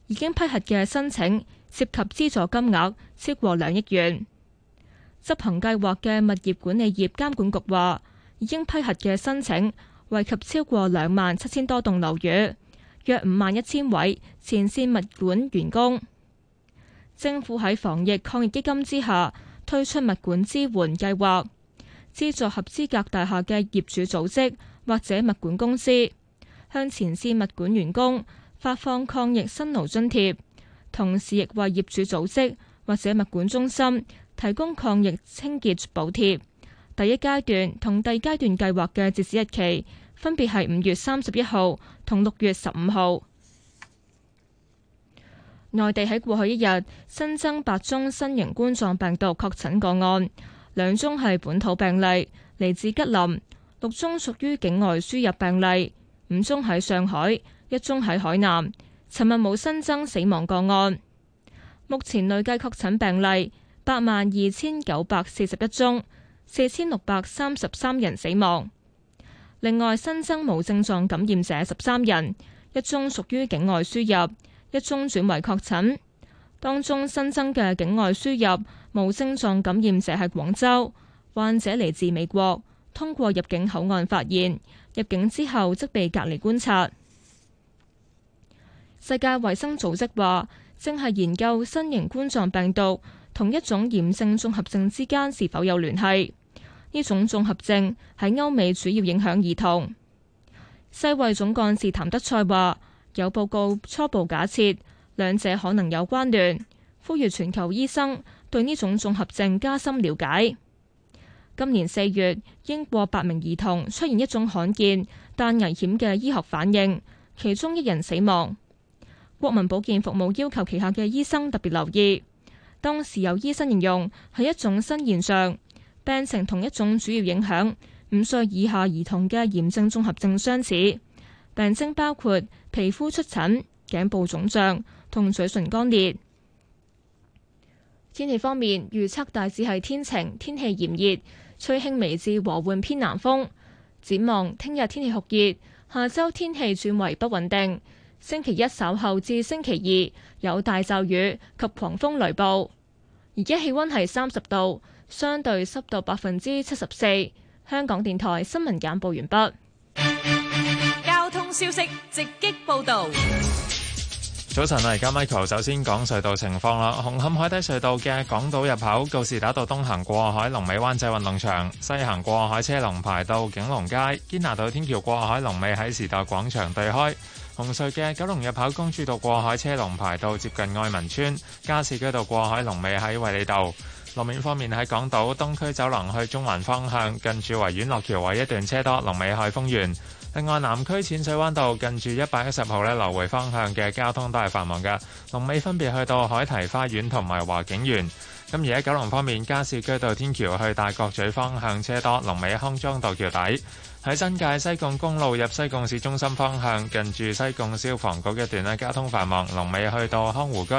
已經批核嘅申請涉及資助金額超過兩億元。執行計劃嘅物業管理業監管局話，已經批核嘅申請惠及超過兩萬七千多棟樓宇，約五萬一千位前線物管員工。政府喺防疫抗疫基金之下推出物管支援計劃，資助合資格大廈嘅業主組織或者物管公司，向前線物管員工發放抗疫薪勞津貼，同時亦為業主組織或者物管中心。提供抗疫清潔補貼，第一階段同第二階段計劃嘅截止日期分別係五月三十一號同六月十五號。內地喺過去一日新增八宗新型冠狀病毒確診個案，兩宗係本土病例，嚟自吉林，六宗屬於境外輸入病例，五宗喺上海，一宗喺海南。尋日冇新增死亡個案，目前累計確診病例。八萬二千九百四十一宗，四千六百三十三人死亡。另外，新增無症狀感染者十三人，一宗屬於境外輸入，一宗轉為確診。當中新增嘅境外輸入無症狀感染者係廣州，患者嚟自美國，通過入境口岸發現，入境之後則被隔離觀察。世界衛生組織話正係研究新型冠狀病毒。同一種炎症綜合症之間是否有聯繫？呢種綜合症喺歐美主要影響兒童。世衛總幹事譚德塞話：有報告初步假設兩者可能有關聯，呼籲全球醫生對呢種綜合症加深了解。今年四月，英國八名兒童出現一種罕見但危險嘅醫學反應，其中一人死亡。國民保健服務要求旗下嘅醫生特別留意。當時有醫生形容係一種新現象，病情同一種主要影響五歲以下兒童嘅炎症綜合症相似。病徵包括皮膚出疹、頸部腫脹同嘴唇乾裂。天氣方面，預測大致係天晴，天氣炎熱，吹輕微至和緩偏南風。展望聽日天氣酷熱，下周天氣轉為不穩定。星期一稍後至星期二有大驟雨及狂風雷暴。而家氣溫係三十度，相對濕度百分之七十四。香港電台新聞簡報完畢。交通消息直擊報道。早晨啊，而家 Michael，首先講隧道情況啦。紅磡海底隧道嘅港島入口告士打道東行過海，龍尾灣仔運動場；西行過海車龍排到景隆街堅拿道天橋過海龍尾喺時代廣場對開。紅隧嘅九龍入口公主道過海車龍排到接近愛民村，加士居道過海龍尾喺衛理道路面方面喺港島東區走廊去中環方向，近住維園落橋位一段車多，龍尾海峰園。另外南區淺水灣道近住一百一十號咧，來回方向嘅交通都係繁忙嘅，龍尾分別去到海堤花園同埋華景園。咁而喺九龍方面，加士居道天橋去大角咀方向車多，龍尾康莊道橋底。喺新界西貢公路入西貢市中心方向，近住西貢消防局一段咧，交通繁忙，龍尾去到康湖居。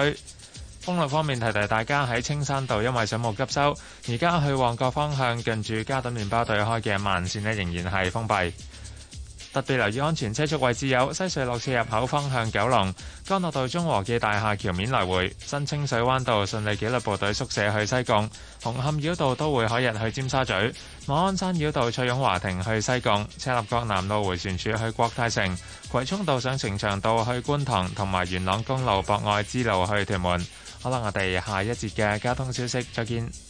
公路方面，提提大家喺青山道，因為水務急修，而家去旺角方向近住嘉頓麵包對開嘅慢綫咧，仍然係封閉。特別留意安全車速位置，有西隧落士入口方向、九龍干諾道中和記大廈橋面來回、新清水灣道順利紀律部隊宿舍去西貢、紅磡繞道都會海日去尖沙咀、馬鞍山繞道翠擁華庭去西貢、赤鱲角南路回旋處去國泰城、葵涌道上呈祥道去觀塘，同埋元朗公路博愛支路去屯門。好啦，我哋下一節嘅交通消息，再見。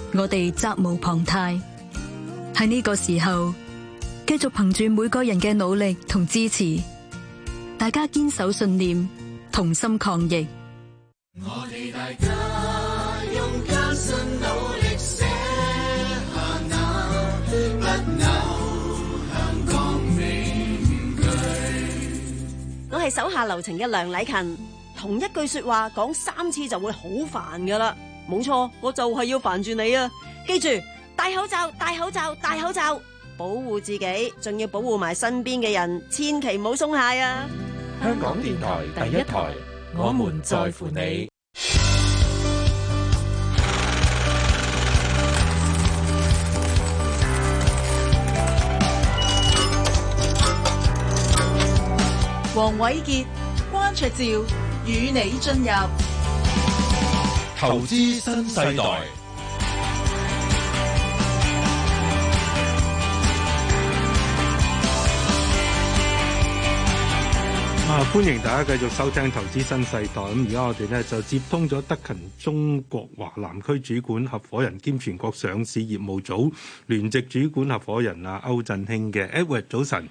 我哋責無旁貸，喺呢個時候繼續憑住每個人嘅努力同支持，大家堅守信念，同心抗疫。 我哋大家用艱辛努力寫下那不朽香港名句。我係手下留情嘅梁禮勤，同一句話說話講三次就會好煩㗎喇。冇錯，我就係要煩住你啊！記住戴口罩，戴口罩，戴口罩，戴口罩，保護自己，仲要保護埋身邊嘅人，千祈唔好鬆懈啊！香港電台第一台，我們在乎你。黃瑋傑、關焯照與你進入。投資新世代，啊！歡迎大家繼續收聽《投資新世代》。咁而家我哋咧就接通咗德勤中國華南區主管合夥人兼全國上市業務組聯席主管合夥人啊，歐振興嘅。Edward，早晨，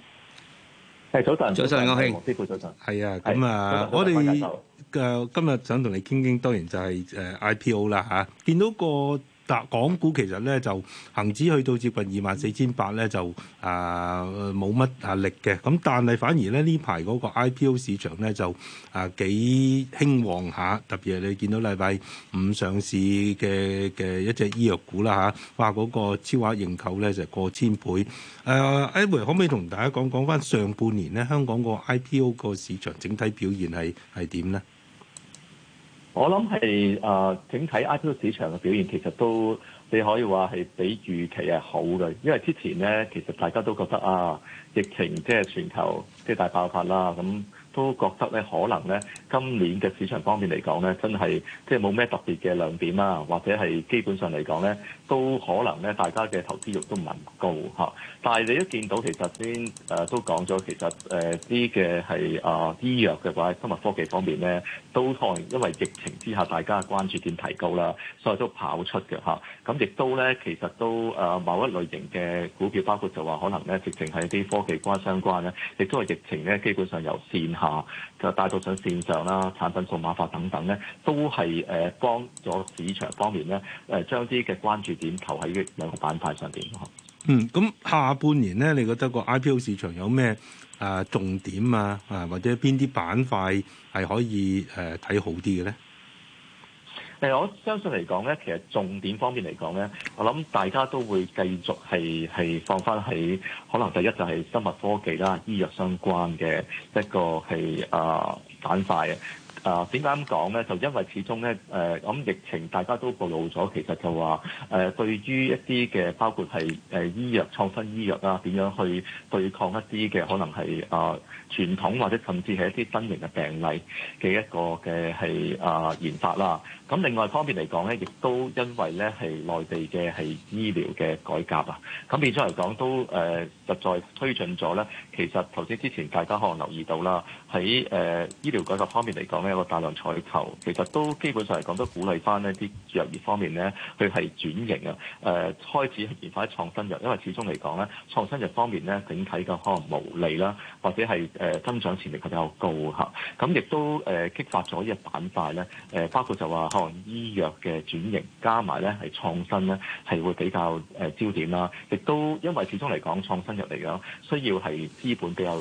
係早晨，早晨歐興，黃師傅早晨係啊，咁啊，我哋。誒今日想同你傾傾，當然就係誒 IPO 啦嚇、啊。見到個港股其實咧就恆指去到接近二萬四千八咧就啊冇乜壓力嘅。咁但係反而咧呢排嗰個 IPO 市場咧就啊幾興旺下、啊，特別係你見到禮拜五上市嘅嘅一隻醫藥股啦嚇，話、啊、嗰、嗰個超額認購咧就過千倍。誒、啊，一可唔可以同大家講講翻上半年咧香港個 IPO 個市場整體表現係係點咧？我諗係啊，整體 IPO 市場嘅表現其實都你可以話係比預期係好嘅，因為之前咧其實大家都覺得啊，疫情即係全球即係、即係、大爆發啦，咁都覺得咧可能咧今年嘅市場方面嚟講咧，真係即係冇咩特別嘅亮點啊，或者係基本上嚟講咧。都可能咧，大家嘅投資慾都唔係咁高嚇。但係你一見到其實先誒、呃，都講咗其實誒啲嘅係啊醫藥嘅話，生物科技方面咧，都可能因為疫情之下，大家嘅關注點提高啦，所以都跑出嘅嚇。咁、啊、亦都咧，其實都誒、呃、某一類型嘅股票，包括就話可能咧，直情係一啲科技關相關咧，亦都係疫情咧，基本上由線下。就帶到上線上啦，產品數碼化等等咧，都係誒、呃、幫助市場方面咧，誒、呃、將啲嘅關注點投喺呢兩個板塊上邊。嗯，咁下半年咧，你覺得個 IPO 市場有咩啊、呃、重點啊，啊或者邊啲板塊係可以誒睇、呃、好啲嘅咧？誒，我相信嚟講咧，其實重點方面嚟講咧，我諗大家都會繼續係係放翻喺可能第一就係生物科技啦，醫藥相關嘅一個係啊板塊啊。呃啊，點解咁講呢？就因為始終呢，誒、呃、咁疫情大家都暴露咗，其實就話誒、呃、對於一啲嘅包括係誒醫藥創新醫藥啦，點樣去對抗一啲嘅可能係啊傳統或者甚至係一啲新型嘅病例嘅一個嘅係啊研發啦。咁另外方面嚟講呢，亦都因為呢係內地嘅係醫療嘅改革啊，咁變咗嚟講都誒、呃、實在推進咗呢。其實頭先之前大家可能留意到啦，喺誒、呃、醫療改革方面嚟講呢。呢一個大量採購，其實都基本上嚟講都鼓勵返呢啲藥業方面咧，佢係轉型啊，誒、呃、開始研發啲創新藥，因為始終嚟講咧，創新藥方面咧整體嘅可能無利啦，或者係誒、呃、增長潛力係比較高吓。咁、呃、亦都誒、呃、激發咗依個板塊咧，誒、呃、包括就話可能醫藥嘅轉型加埋咧係創新咧，係會比較誒焦點啦。亦都因為始終嚟講創新藥嚟講，需要係資本比較。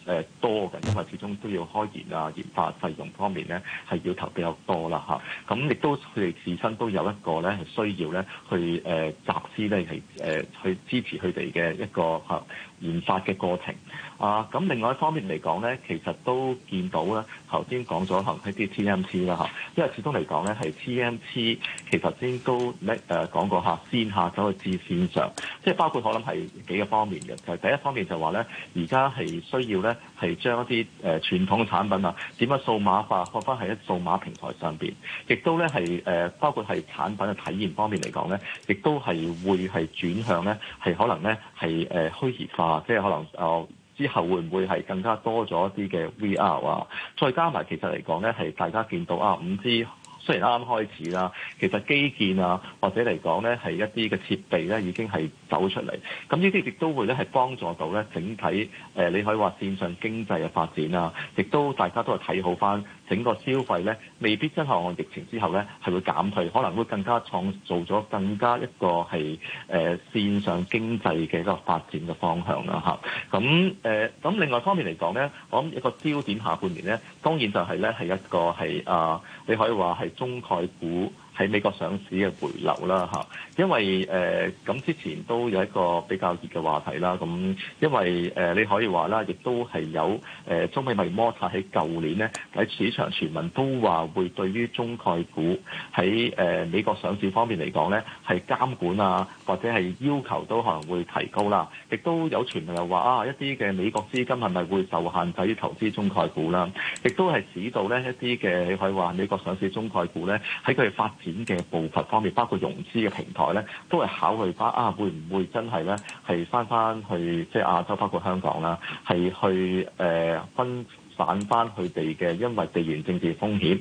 誒、呃、多嘅，因為始終都要開研啊、研發費用方面咧，係要投比較多啦嚇。咁、啊、亦都佢哋自身都有一個咧係需要咧，去誒、呃、集資咧係誒去支持佢哋嘅一個嚇。啊研發嘅過程啊，咁另外一方面嚟講咧，其實都見到咧，頭先講咗可能一啲 TMT 啦嚇，因為始終嚟講咧係 TMT 其實先都咧誒、呃、講過嚇，線下走去至線上，即係包括我諗係幾個方面嘅，就係、第一方面就話咧，而家係需要咧係將一啲誒、呃、傳統嘅產品啊，點樣數碼化放翻喺一數碼平台上邊，亦都咧係誒包括係產品嘅體驗方面嚟講咧，亦都係會係轉向咧係可能咧係誒虛擬化。啊，即係可能誒、呃、之後會唔會係更加多咗一啲嘅 VR 啊，再加埋其實嚟講咧係大家見到啊五 G 雖然啱啱開始啦，其實基建啊或者嚟講咧係一啲嘅設備咧已經係。走出嚟，咁呢啲亦都會咧係幫助到咧整體，誒你可以話線上經濟嘅發展啊，亦都大家都係睇好翻整個消費咧，未必真係我疫情之後咧係會減退，可能會更加創造咗更加一個係誒線上經濟嘅一個發展嘅方向啦嚇。咁誒咁另外方面嚟講咧，我諗一個焦點下半年咧，當然就係咧係一個係啊，你可以話係中概股。喺美國上市嘅回流啦嚇，因為誒咁、呃、之前都有一個比較熱嘅話題啦，咁因為誒、呃、你可以話啦，亦都係有誒、呃、中美貿易摩擦喺舊年呢，喺市場傳聞都話會對於中概股喺誒、呃、美國上市方面嚟講呢係監管啊或者係要求都可能會提高啦、啊，亦都有傳聞又話啊一啲嘅美國資金係咪會受限制喺投資中概股啦，亦都係指到呢一啲嘅可以話美國上市中概股呢喺佢哋發展。嘅步伐方面，包括融資嘅平台咧，都係考慮翻啊，會唔會真係咧係翻翻去即係亞洲，包括香港啦，係去誒、呃、分。反翻佢哋嘅，因為地緣政治風險，誒、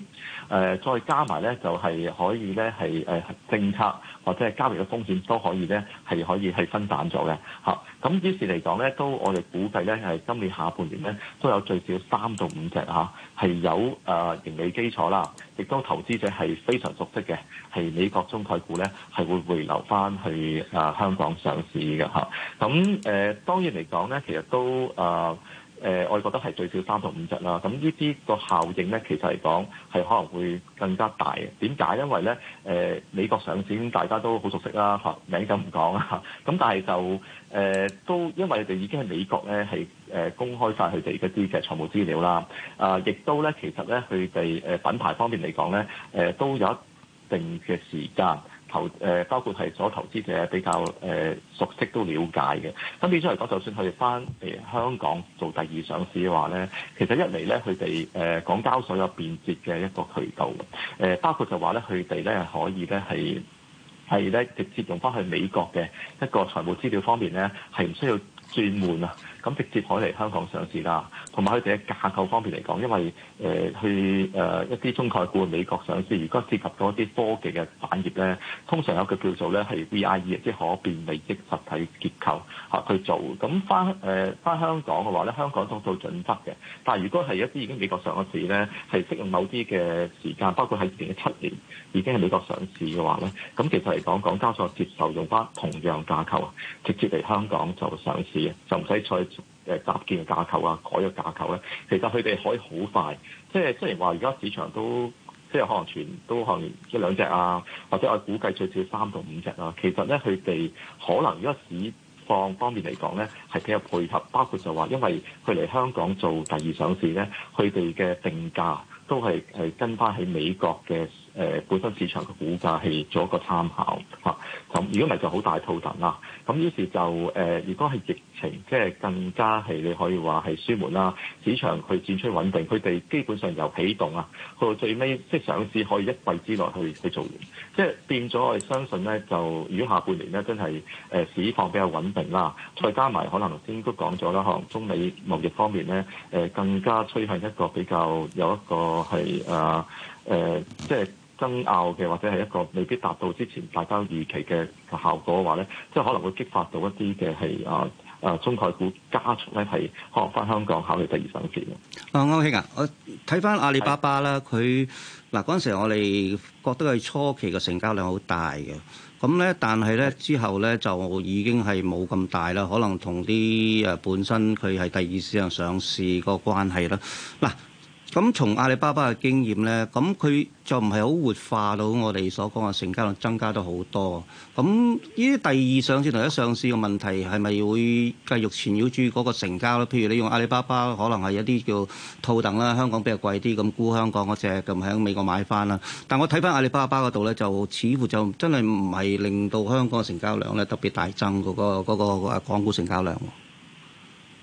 呃，再加埋咧就係、是、可以咧係誒政策或者係交易嘅風險都可以咧係可以係分散咗嘅。嚇、啊，咁於是嚟講咧，都我哋估計咧係今年下半年咧都有最少三到五隻嚇係有誒、呃、盈利基礎啦，亦、啊、都投資者係非常熟悉嘅，係美國中概股咧係會回流翻去誒、啊、香港上市嘅嚇。咁、啊、誒、啊呃、當然嚟講咧，其實都誒。呃呃誒、呃，我哋覺得係最少三十五隻啦。咁呢啲個效應咧，其實嚟講係可能會更加大嘅。點解？因為咧，誒、呃、美國上市，大家都好熟悉啦、啊，嚇名、啊、就唔講啦。咁但係就誒都，因為佢哋已經喺美國咧，係誒、呃、公開晒佢哋嗰啲嘅財務資料啦。啊、呃，亦都咧，其實咧，佢哋誒品牌方面嚟講咧，誒、呃、都有一定嘅時間。投誒、呃、包括係所有投資者比較誒、呃、熟悉都了解嘅，咁變相嚟講，就算佢哋翻誒香港做第二上市嘅話咧，其實一嚟咧，佢哋誒港交所有便捷嘅一個渠道，誒、呃、包括就話咧佢哋咧可以咧係係咧直接用翻去美國嘅一個財務資料方面咧，係唔需要轉換啊。咁直接可以嚟香港上市啦，同埋佢哋喺架構方面嚟講，因為誒、呃、去誒、呃、一啲中概股嘅美國上市，如果涉及咗一啲科技嘅產業咧，通常有個叫做咧係 VIE，即係可變利益實體結構嚇去做。咁翻誒翻香港嘅話咧，香港都冇準則嘅，但係如果係一啲已經美國上咗市咧，係適用某啲嘅時間，包括喺二零一七年。已經係美國上市嘅話咧，咁其實嚟講，港交所接受用翻同樣架構，直接嚟香港就上市，就唔使再誒搭建架構啊，改個架構咧。其實佢哋可以好快，即係雖然話而家市場都即係可能全都可能一兩隻啊，或者我估計最少三到五隻啊。其實咧，佢哋可能如果市況方面嚟講咧，係比較配合，包括就話因為佢嚟香港做第二上市咧，佢哋嘅定價都係係跟翻喺美國嘅。誒、呃、本身市場嘅股價係做一個參考嚇，咁如果唔係就好大跳震啦。咁於是就誒，如果係、呃、疫情，即、就、係、是、更加係你可以話係舒緩啦。市場去轉趨穩定，佢哋基本上由起動啊，去到最尾，即、就、係、是、上市可以一季之內去去做完，即係變咗，我哋相信咧，就如果下半年咧，真係誒、呃、市況比較穩定啦，再加埋可能頭先都講咗啦，可能中美貿易方面咧，誒、呃、更加趨向一個比較有一個係啊誒，即係。爭拗嘅或者係一個未必達到之前大家預期嘅效果嘅話咧，即係可能會激發到一啲嘅係啊啊中概股加速咧係可能返香港考慮第二上市。啊、嗯，歐兄啊，我睇返阿里巴巴啦，佢嗱，嗰陣時我哋覺得佢初期嘅成交量好大嘅，咁咧但係咧之後咧就已經係冇咁大啦，可能同啲誒本身佢係第二市場上市個關係啦。嗱。咁從阿里巴巴嘅經驗咧，咁佢就唔係好活化到我哋所講嘅成交量增加咗好多。咁呢啲第二上市同一上市嘅問題係咪會繼續纏繞住嗰個成交咧？譬如你用阿里巴巴，可能係一啲叫套戥啦，香港比較貴啲，咁沽香港嗰隻，咁喺美國買翻啦。但我睇翻阿里巴巴嗰度咧，就似乎就真係唔係令到香港嘅成交量咧特別大增嗰、嗰個嗰、嗰個港股、嗰個、成交量。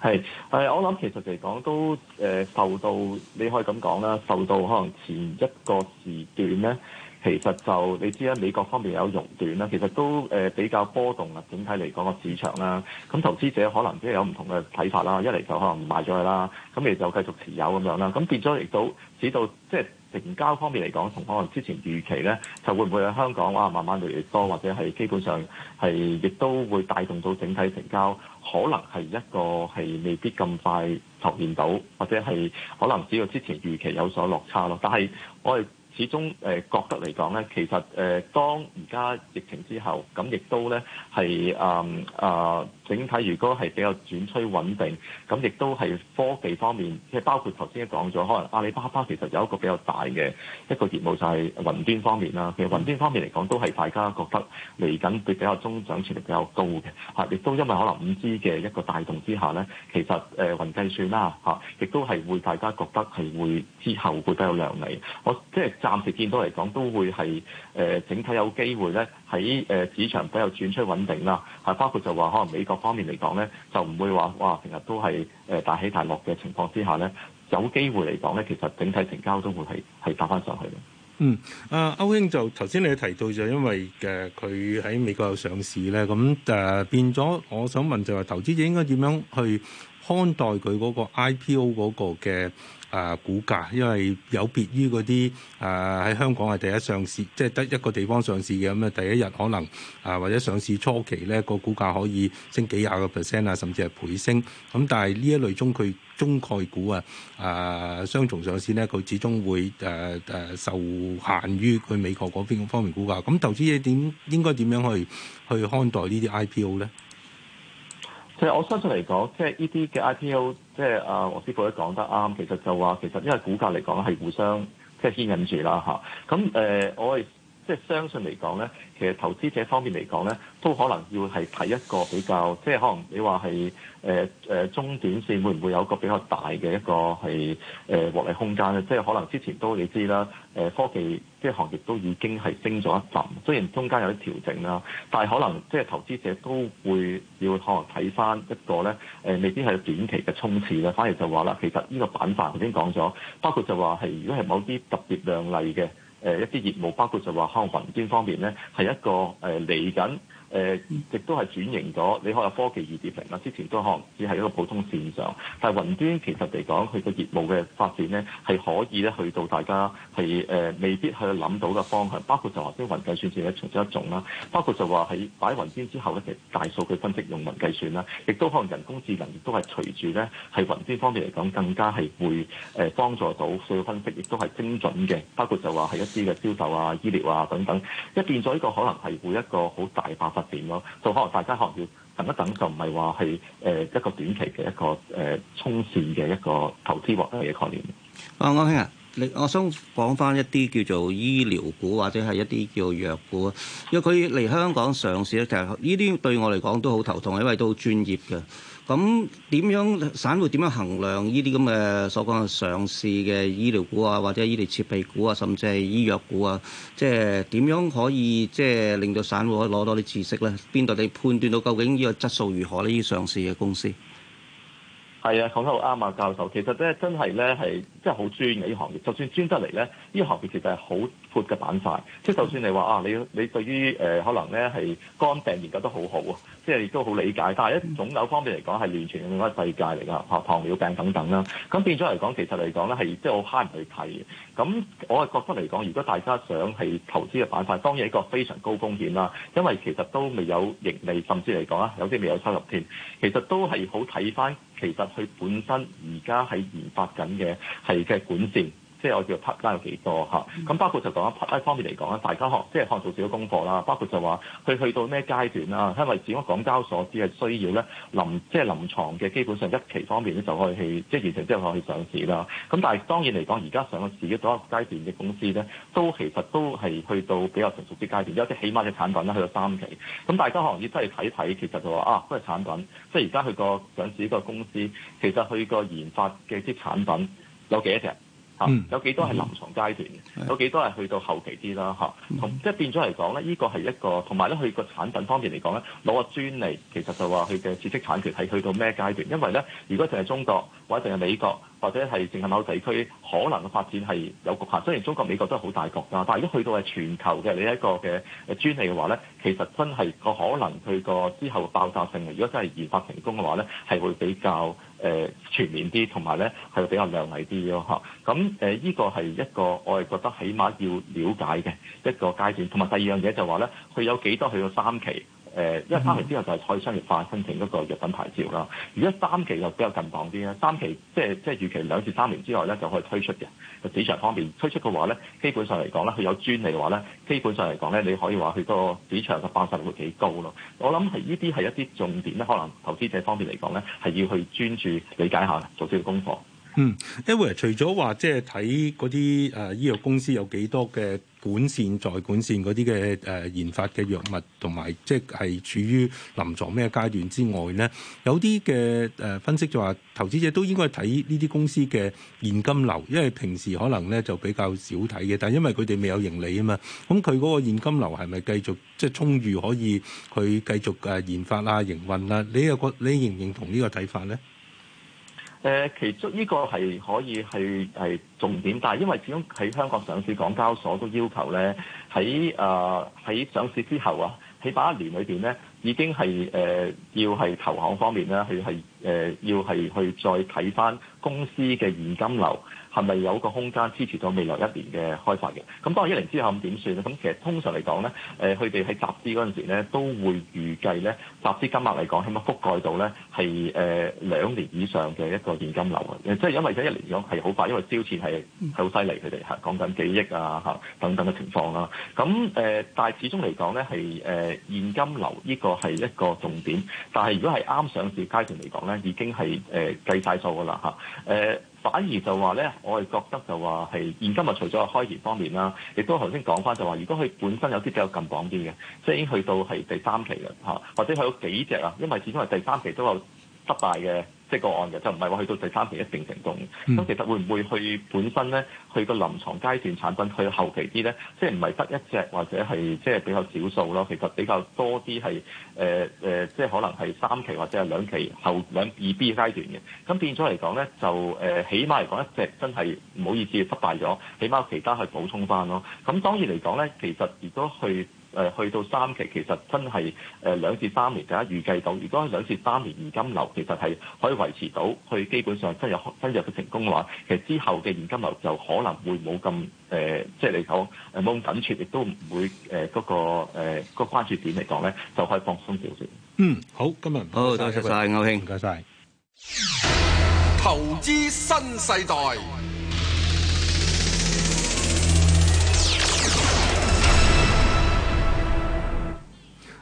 係，係我諗其實嚟講都誒、呃、受到，你可以咁講啦，受到可能前一個時段咧，其實就你知啦，美國方面有熔斷啦，其實都誒、呃、比較波動啦，整體嚟講個市場啦，咁投資者可能都有唔同嘅睇法啦，一嚟就可能賣咗佢啦，咁而就繼續持有咁樣啦，咁變咗亦都導致到即係。即係成交方面嚟講，同可能之前預期咧，就會唔會喺香港啊，慢慢越嚟越多，或者係基本上係亦都會帶動到整體成交，可能係一個係未必咁快浮現到，或者係可能只要之前預期有所落差咯。但係我哋始終誒覺得嚟講咧，其實誒當而家疫情之後，咁亦都咧係誒誒。整體如果係比較轉趨穩定，咁亦都係科技方面，即係包括頭先講咗，可能阿里巴巴其實有一個比較大嘅一個業務就係雲端方面啦。其實雲端方面嚟講，都係大家覺得嚟緊會比較中長線潛力比較高嘅嚇，亦都因為可能五 G 嘅一個帶動之下咧，其實誒雲計算啦嚇，亦都係會大家覺得係會之後會比較亮麗。我即係暫時見到嚟講都會係誒、呃、整體有機會咧。喺誒市場比較轉出穩定啦，係包括就話可能美國方面嚟講咧，就唔會話哇，平日都係誒大起大落嘅情況之下咧，有機會嚟講咧，其實整體成交都會係係打返上去嘅。嗯，阿、啊、歐英就頭先你提到就因為誒佢喺美國有上市咧，咁誒、啊、變咗，我想問就係、是、投資者應該點樣去看待佢嗰個 IPO 嗰個嘅？啊，股價因為有別於嗰啲啊喺香港係第一上市，即係得一個地方上市嘅咁啊，第一日可能啊或者上市初期咧，個股價可以升幾廿個 percent 啊，甚至係倍升。咁、嗯、但係呢一類中佢中概股啊啊，雙重上市咧，佢始終會誒誒、啊啊、受限於佢美國嗰邊方面股價。咁、嗯嗯、投資者點應該點樣去去看待呢啲 IPO 咧？其實我相信嚟講，即係呢啲嘅 IPO，即係阿黃師傅都講得啱。其實就話其實因為股價嚟講係互相即係牽引住啦。咁我。即係相信嚟講咧，其實投資者方面嚟講咧，都可能要係睇一個比較，即係可能你話係誒誒中短線會唔會有一個比較大嘅一個係誒、呃、獲利空間咧？即係可能之前都你知啦，誒、呃、科技即係行業都已經係升咗一陣，雖然中間有啲調整啦，但係可能即係投資者都會要可能睇翻一個咧誒、呃，未必係短期嘅衝刺咧，反而就話啦，其實呢個板塊我已經講咗，包括就話係如果係某啲特別亮麗嘅。誒、呃、一啲業務包括就話可能雲端方面咧，係一個誒嚟緊。呃誒，亦、呃、都係轉型咗。你可有科技二點零啦，之前都可能只係一個普通線上，但係雲端其實嚟講，佢個業務嘅發展呢，係可以咧去到大家係誒、呃、未必去諗到嘅方向。包括就話即雲計算先係其中一種啦，包括就話喺擺雲端之後咧，其實大數據分析用雲計算啦，亦都可能人工智能亦都係隨住咧係雲端方面嚟講更加係會誒幫助到數據分析，亦都係精準嘅。包括就話係一啲嘅銷售啊、醫療啊等等，一變咗呢個可能係會一個好大化，發展咯，就可能大家學要等一等，就唔係話係誒一個短期嘅一個誒衝線嘅一個投資獲利嘅概念。啊，安兄啊，你我想講翻一啲叫做醫療股或者係一啲叫藥股啊，因為佢嚟香港上市咧，其實呢啲對我嚟講都好頭痛，因為都好專業嘅。咁點樣散戶點樣衡量呢啲咁嘅所講嘅上市嘅醫療股啊，或者醫療設備股啊，甚至係醫藥股啊，即係點樣可以即係令到散戶可以攞多啲知識咧？邊度你判斷到究竟呢個質素如何呢啲上市嘅公司？係啊，講得啱啊，教授。其實咧，真係咧係真係好專嘅呢行業。就算專得嚟咧，呢行業其實係好闊嘅板塊。即係就算你話啊，你你對於誒、呃、可能咧係肝病研究得好好啊，即係亦都好理解。但係一腫瘤方面嚟講，係完全另一世界嚟㗎。嚇，糖尿病等等啦，咁變咗嚟講，其實嚟講咧係即係好嗨人去睇嘅。咁我係覺得嚟講，如果大家想係投資嘅板塊，當然係一個非常高風險啦，因為其實都未有盈利，甚至嚟講啊，有啲未有收入添。其實都係好睇翻。其實佢本身而家係研發緊嘅係嘅管線。即係我叫 put 加有幾多嚇咁、mm hmm.，包括就講 put 加方面嚟講咧，大家學即係看做少少功課啦。包括就話佢去到咩階段啦、啊？因為只我港交所只係需要咧臨即係、就是、臨床嘅，基本上一期方面咧就可以去即係完成之後可以上市啦。咁但係當然嚟講，而家上市嘅多個階段嘅公司咧，都其實都係去到比較成熟啲階段，有啲起碼嘅產品啦，去到三期咁。大家可能要真係睇睇，其實就話啊，都隻產品即係而家佢個上市個公司，其實佢個研發嘅啲產品有幾隻？嚇， 有幾多係臨床階段 有幾多係去到後期啲啦？嚇，咁 即係變咗嚟講咧，依、呢個係一個，同埋咧佢個產品方面嚟講咧，攞個專利其實就話佢嘅知識產權係去到咩階段？因為咧，如果淨係中國或者淨係美國或者係淨係某地區，可能發展係有局限。雖然中國、美國都係好大局啦，但係一去到係全球嘅你一個嘅誒專利嘅話咧，其實真係個可能佢個之後爆炸性如果真係研發成功嘅話咧，係會比較，誒、呃、全面啲，同埋咧係比較亮麗啲咯嚇。咁誒呢個係一個我哋覺得起碼要了解嘅一個階段，同埋第二樣嘢就話咧，佢有幾多去到三期？誒、um.，因為三年之後就係可以商業化申請一個藥品牌照啦。如果三期就比較近磅啲咧，三期即係即係預期兩至三年之後咧，就可以推出嘅。市場方面推出嘅話咧，基本上嚟講咧，佢有專利嘅話咧，基本上嚟講咧，你可以話佢個市場嘅爆發率會幾高咯。我諗係呢啲係一啲重點咧，可能投資者方面嚟講咧，係要去專注理解下做少少功課。嗯，另外除咗話即係睇嗰啲誒醫藥公司有幾多嘅管線在管線嗰啲嘅誒研發嘅藥物，同埋即係係處於臨床咩階段之外咧，有啲嘅誒分析就話，投資者都應該睇呢啲公司嘅現金流，因為平時可能咧就比較少睇嘅，但係因為佢哋未有盈利啊嘛，咁佢嗰個現金流係咪繼續即係充裕，可以去繼續誒研發啦、營運啦？你又覺你認唔認同呢個睇法咧？誒、呃，其中呢、這個係可以係係重點，但係因為始終喺香港上市港交所都要求咧，喺誒喺上市之後啊，起碼一年裏邊咧，已經係誒、呃、要係投行方面啦，係係誒要係去再睇翻公司嘅現金流。係咪有個空間支持到未來一年嘅開發嘅？咁當一年之後咁點算咧？咁其實通常嚟講咧，誒佢哋喺集資嗰陣時咧，都會預計咧集資金額嚟講，起碼覆蓋到咧係誒兩年以上嘅一個現金流嘅。即係因為喺一年嚟講係好快，因為燒錢係係好犀利，佢哋嚇講緊幾億啊嚇等等嘅情況啦。咁誒，但係、呃、始終嚟講咧係誒現金流呢個係一個重點。但係如果係啱上市階段嚟講咧，已經係誒計晒數噶啦嚇誒。呃反而就話咧，我係覺得就話係現今日除咗開業方面啦，亦都頭先講翻就話，如果佢本身有啲比較近榜啲嘅，即係已經去到係第三期啦，嚇，或者佢有幾隻啊？因為始終係第三期都有失敗嘅。即個案嘅就唔係話去到第三期一定成功咁，嗯、其實會唔會去本身咧去個臨床階段產品去後期啲咧，即係唔係得一隻或者係即係比較少數咯？其實比較多啲係誒誒，即係可能係三期或者係兩期後兩二 B, B 階段嘅咁變咗嚟講咧，就誒、呃、起碼嚟講一隻真係唔好意思失敗咗，起碼其他去補充返咯。咁當然嚟講咧，其實如果去。誒去到三期，其實真係誒、呃、兩至三年，大家預計到，如果係兩至三年現金流其實係可以維持到，佢基本上真有真有嘅成功嘅話，其實之後嘅現金流就可能會冇咁誒，即係你講誒冇咁緊缺，亦都唔會誒嗰、呃那個誒、呃那個關注點嚟講咧，就可以放鬆少少。嗯，好，今日好，多謝晒。歐兄，唔該晒投資新世代。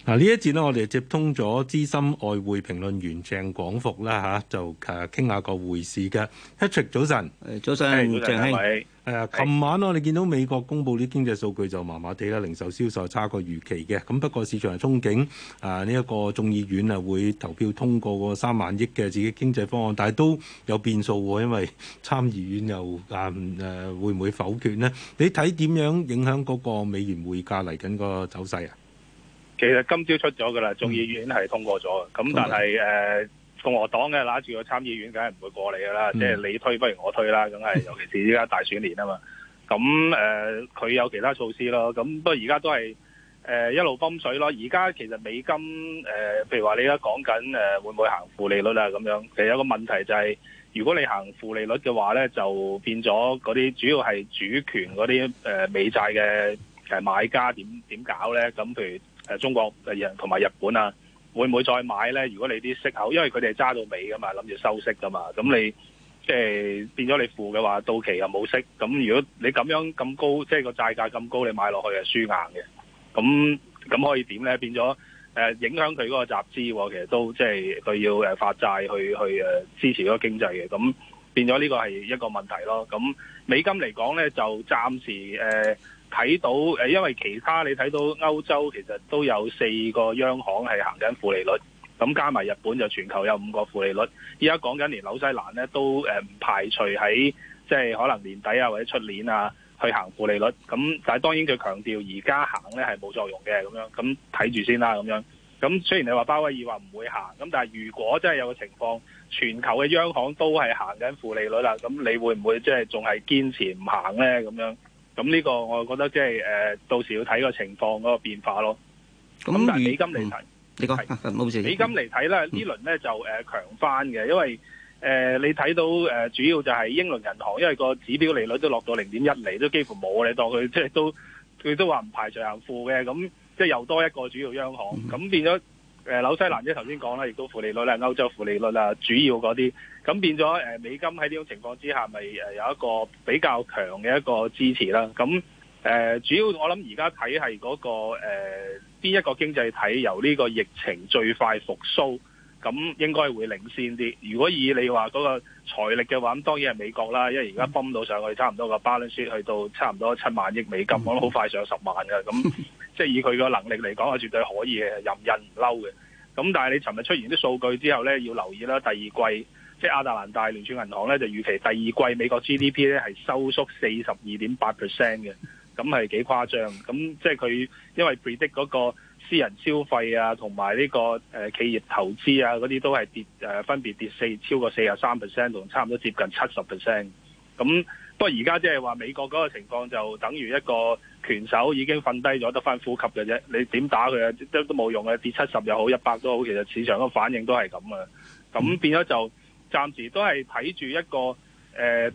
嗱呢一節咧，我哋接通咗資深外匯評論員鄭廣福啦嚇，就誒傾下個匯市嘅。Patrick 早晨，誒早晨，鄭兄，誒琴晚我哋見到美國公布啲經濟數據就麻麻地啦，零售銷售差過預期嘅。咁不過市場憧憬啊，呢一個眾議院啊會投票通過個三萬億嘅自己經濟方案，但係都有變數喎，因為參議院又誒誒會唔會否決咧？你睇點樣影響嗰個美元匯價嚟緊個走勢啊？其實今朝出咗噶啦，眾議院係通過咗。咁但係誒共和黨嘅拿住個參議院，梗係唔會過嚟噶啦。嗯、即係你推不如我推啦，梗係。尤其是依家大選年啊嘛。咁誒佢有其他措施咯。咁不過而家都係誒、呃、一路泵水咯。而家其實美金誒、呃，譬如話你而家講緊誒會唔會行負利率啊？咁樣其實有個問題就係、是，如果你行負利率嘅話咧，就變咗嗰啲主要係主權嗰啲誒美債嘅誒買家點點搞咧？咁譬如。誒中國誒日同埋日本啊，會唔會再買咧？如果你啲息口，因為佢哋係揸到尾噶嘛，諗住收息噶嘛，咁你即係，呃，變咗你負嘅話，到期又冇息，咁如果你咁樣咁高，即係個債價咁高，你買落去係輸硬嘅。咁咁可以點咧？變咗誒，呃，影響佢嗰個集資，其實都即係佢要誒發債去去誒支持嗰個經濟嘅。咁變咗呢個係一個問題咯。咁美金嚟講咧，就暫時誒。呃睇到誒，因為其他你睇到歐洲其實都有四個央行係行緊負利率，咁加埋日本就全球有五個負利率。依家講緊連紐西蘭咧都誒唔排除喺即係可能年底啊或者出年啊去行負利率。咁但係當然佢強調而家行咧係冇作用嘅咁樣，咁睇住先啦咁樣。咁雖然你話鮑威爾話唔會行，咁但係如果真係有個情況，全球嘅央行都係行緊負利率啦，咁你會唔會即係仲係堅持唔行咧咁樣？咁呢個我覺得即係誒，到時要睇個情況嗰個變化咯。咁、嗯、但係美金嚟睇，你講，冇事。美金嚟睇咧，嗯、呢輪咧就誒強翻嘅，因為誒、呃、你睇到誒主要就係英倫銀行，因為個指標利率都落到零點一厘，都幾乎冇你當佢即係都佢都話唔排除行負嘅，咁即係又多一個主要央行，咁、嗯、變咗。誒、呃、紐西蘭，即係頭先講啦，亦都負利率咧，歐洲負利率啊，主要嗰啲，咁變咗誒、呃、美金喺呢種情況之下，咪誒有一個比較強嘅一個支持啦。咁誒、呃、主要我諗而家睇係嗰個誒邊、呃、一個經濟體由呢個疫情最快復甦，咁應該會領先啲。如果以你話嗰個財力嘅話，咁當然係美國啦，因為而家崩到上去差唔多個 balance sheet 去到差唔多七萬億美金，嗯、我覺得好快上十萬嘅咁。 即係以佢個能力嚟講，係絕對可以嘅，任人唔嬲嘅。咁但係你尋日出現啲數據之後咧，要留意啦。第二季即係亞特蘭大聯儲銀行咧，就預期第二季美國 GDP 咧係收縮四十二點八 percent 嘅。咁係幾誇張。咁即係佢因為 predict 嗰個私人消費啊，同埋呢個誒企業投資啊嗰啲都係跌誒分別跌四超過四十三 percent，同差唔多接近七十 percent。咁不過而家即係話美國嗰個情況就等於一個拳手已經瞓低咗，得返呼吸嘅啫。你點打佢啊？都都冇用嘅，跌七十又好，一百都好，其實市場嘅反應都係咁啊。咁變咗就暫時都係睇住一個誒、呃，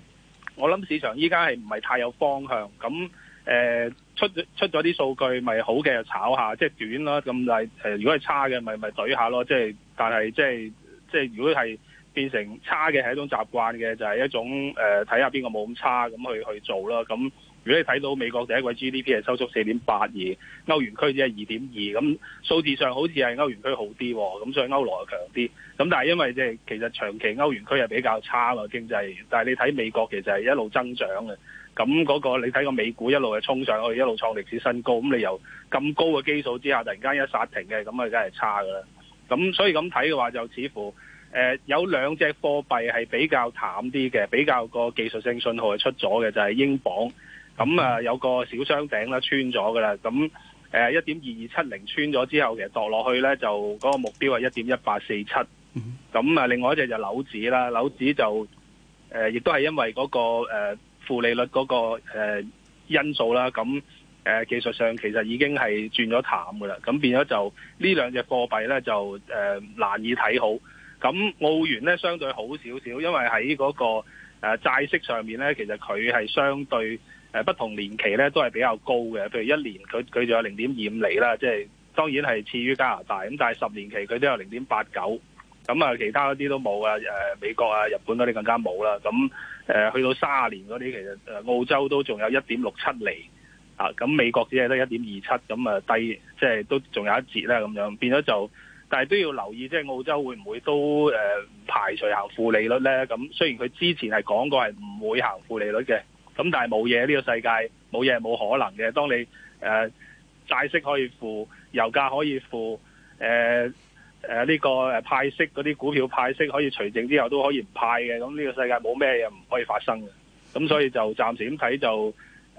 我諗市場依家係唔係太有方向。咁、呃、誒出出咗啲數據咪、就是、好嘅炒下，即、就、係、是、短啦。咁係誒，如果係差嘅咪咪懟下咯。即係但係即係即係如果係。變成差嘅係一種習慣嘅，就係、是、一種誒睇下邊個冇咁差咁去去做啦。咁如果你睇到美國第一季 GDP 係收縮四點八二，歐元區只係二點二，咁數字上好似係歐元區好啲、哦，咁所以歐羅又強啲。咁但係因為即係其實長期歐元區係比較差啊經濟，但係你睇美國其實係一路增長嘅。咁嗰、那個你睇個美股一路係衝上去，一路創歷史新高。咁你由咁高嘅基數之下，突然間一剎停嘅，咁啊，梗係差㗎啦。咁所以咁睇嘅話，就似乎。誒，有兩隻貨幣係比較淡啲嘅，比較個技術性信號係出咗嘅，就係、是、英鎊咁啊。有個小箱頂啦，穿咗噶啦。咁誒，一點二二七零穿咗之後，其實墮落去咧就嗰、這個目標係一點一八四七。咁啊，另外一隻就紐指啦，紐指就誒，亦都係因為嗰、那個誒、呃、負利率嗰、那個誒、呃、因素啦。咁誒、呃，技術上其實已經係轉咗淡噶啦。咁變咗就呢兩隻貨幣咧就誒、呃、難以睇好。咁澳元咧相對好少少，因為喺嗰、那個誒、呃、債息上面咧，其實佢係相對誒、呃、不同年期咧都係比較高嘅。譬如一年佢佢仲有零點二五厘啦，即係當然係次於加拿大。咁但係十年期佢都有零點八九，咁啊其他嗰啲都冇啊誒美國啊日本嗰啲更加冇啦。咁、嗯、誒、呃、去到三廿年三十年嗰啲其實誒澳洲都仲有一點六七厘。啊，咁、嗯、美國只係得一點二七，咁啊低即係、就是、都仲有一截啦咁樣，變咗就。但係都要留意，即係澳洲會唔會都誒排除行負利率呢？咁雖然佢之前係講過係唔會行負利率嘅，咁但係冇嘢，呢、這個世界冇嘢冇可能嘅。當你誒債、呃、息可以負，油價可以負，誒誒呢個誒派息嗰啲股票派息可以除淨之後，都可以唔派嘅。咁呢個世界冇咩嘢唔可以發生嘅。咁所以就暫時咁睇就。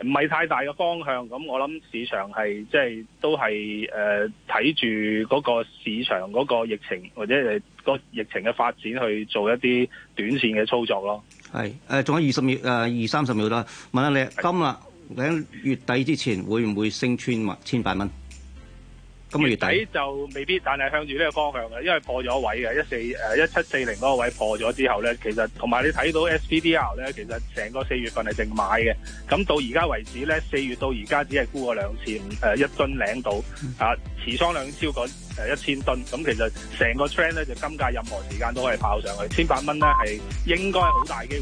唔係太大嘅方向，咁我諗市場係即係都係誒睇住嗰個市場嗰個疫情或者係個疫情嘅發展去做一啲短線嘅操作咯。係誒，仲、呃、有二十、呃、秒誒二三十秒啦，問下你是今日兩月底之前會唔會升穿萬千百蚊？咁月底就未必，但係向住呢個方向嘅。因為破咗位嘅一四誒一七四零嗰個位破咗之後咧，其實同埋你睇到 SPDR 咧，其實成個四月份係淨買嘅。咁到而家為止咧，四月到而家只係沽過兩次，誒一樽領到啊，持倉量超過誒一千噸，咁其實成個 trend 咧，就金價任何時間都可以跑上去，千八蚊咧係應該好大嘅。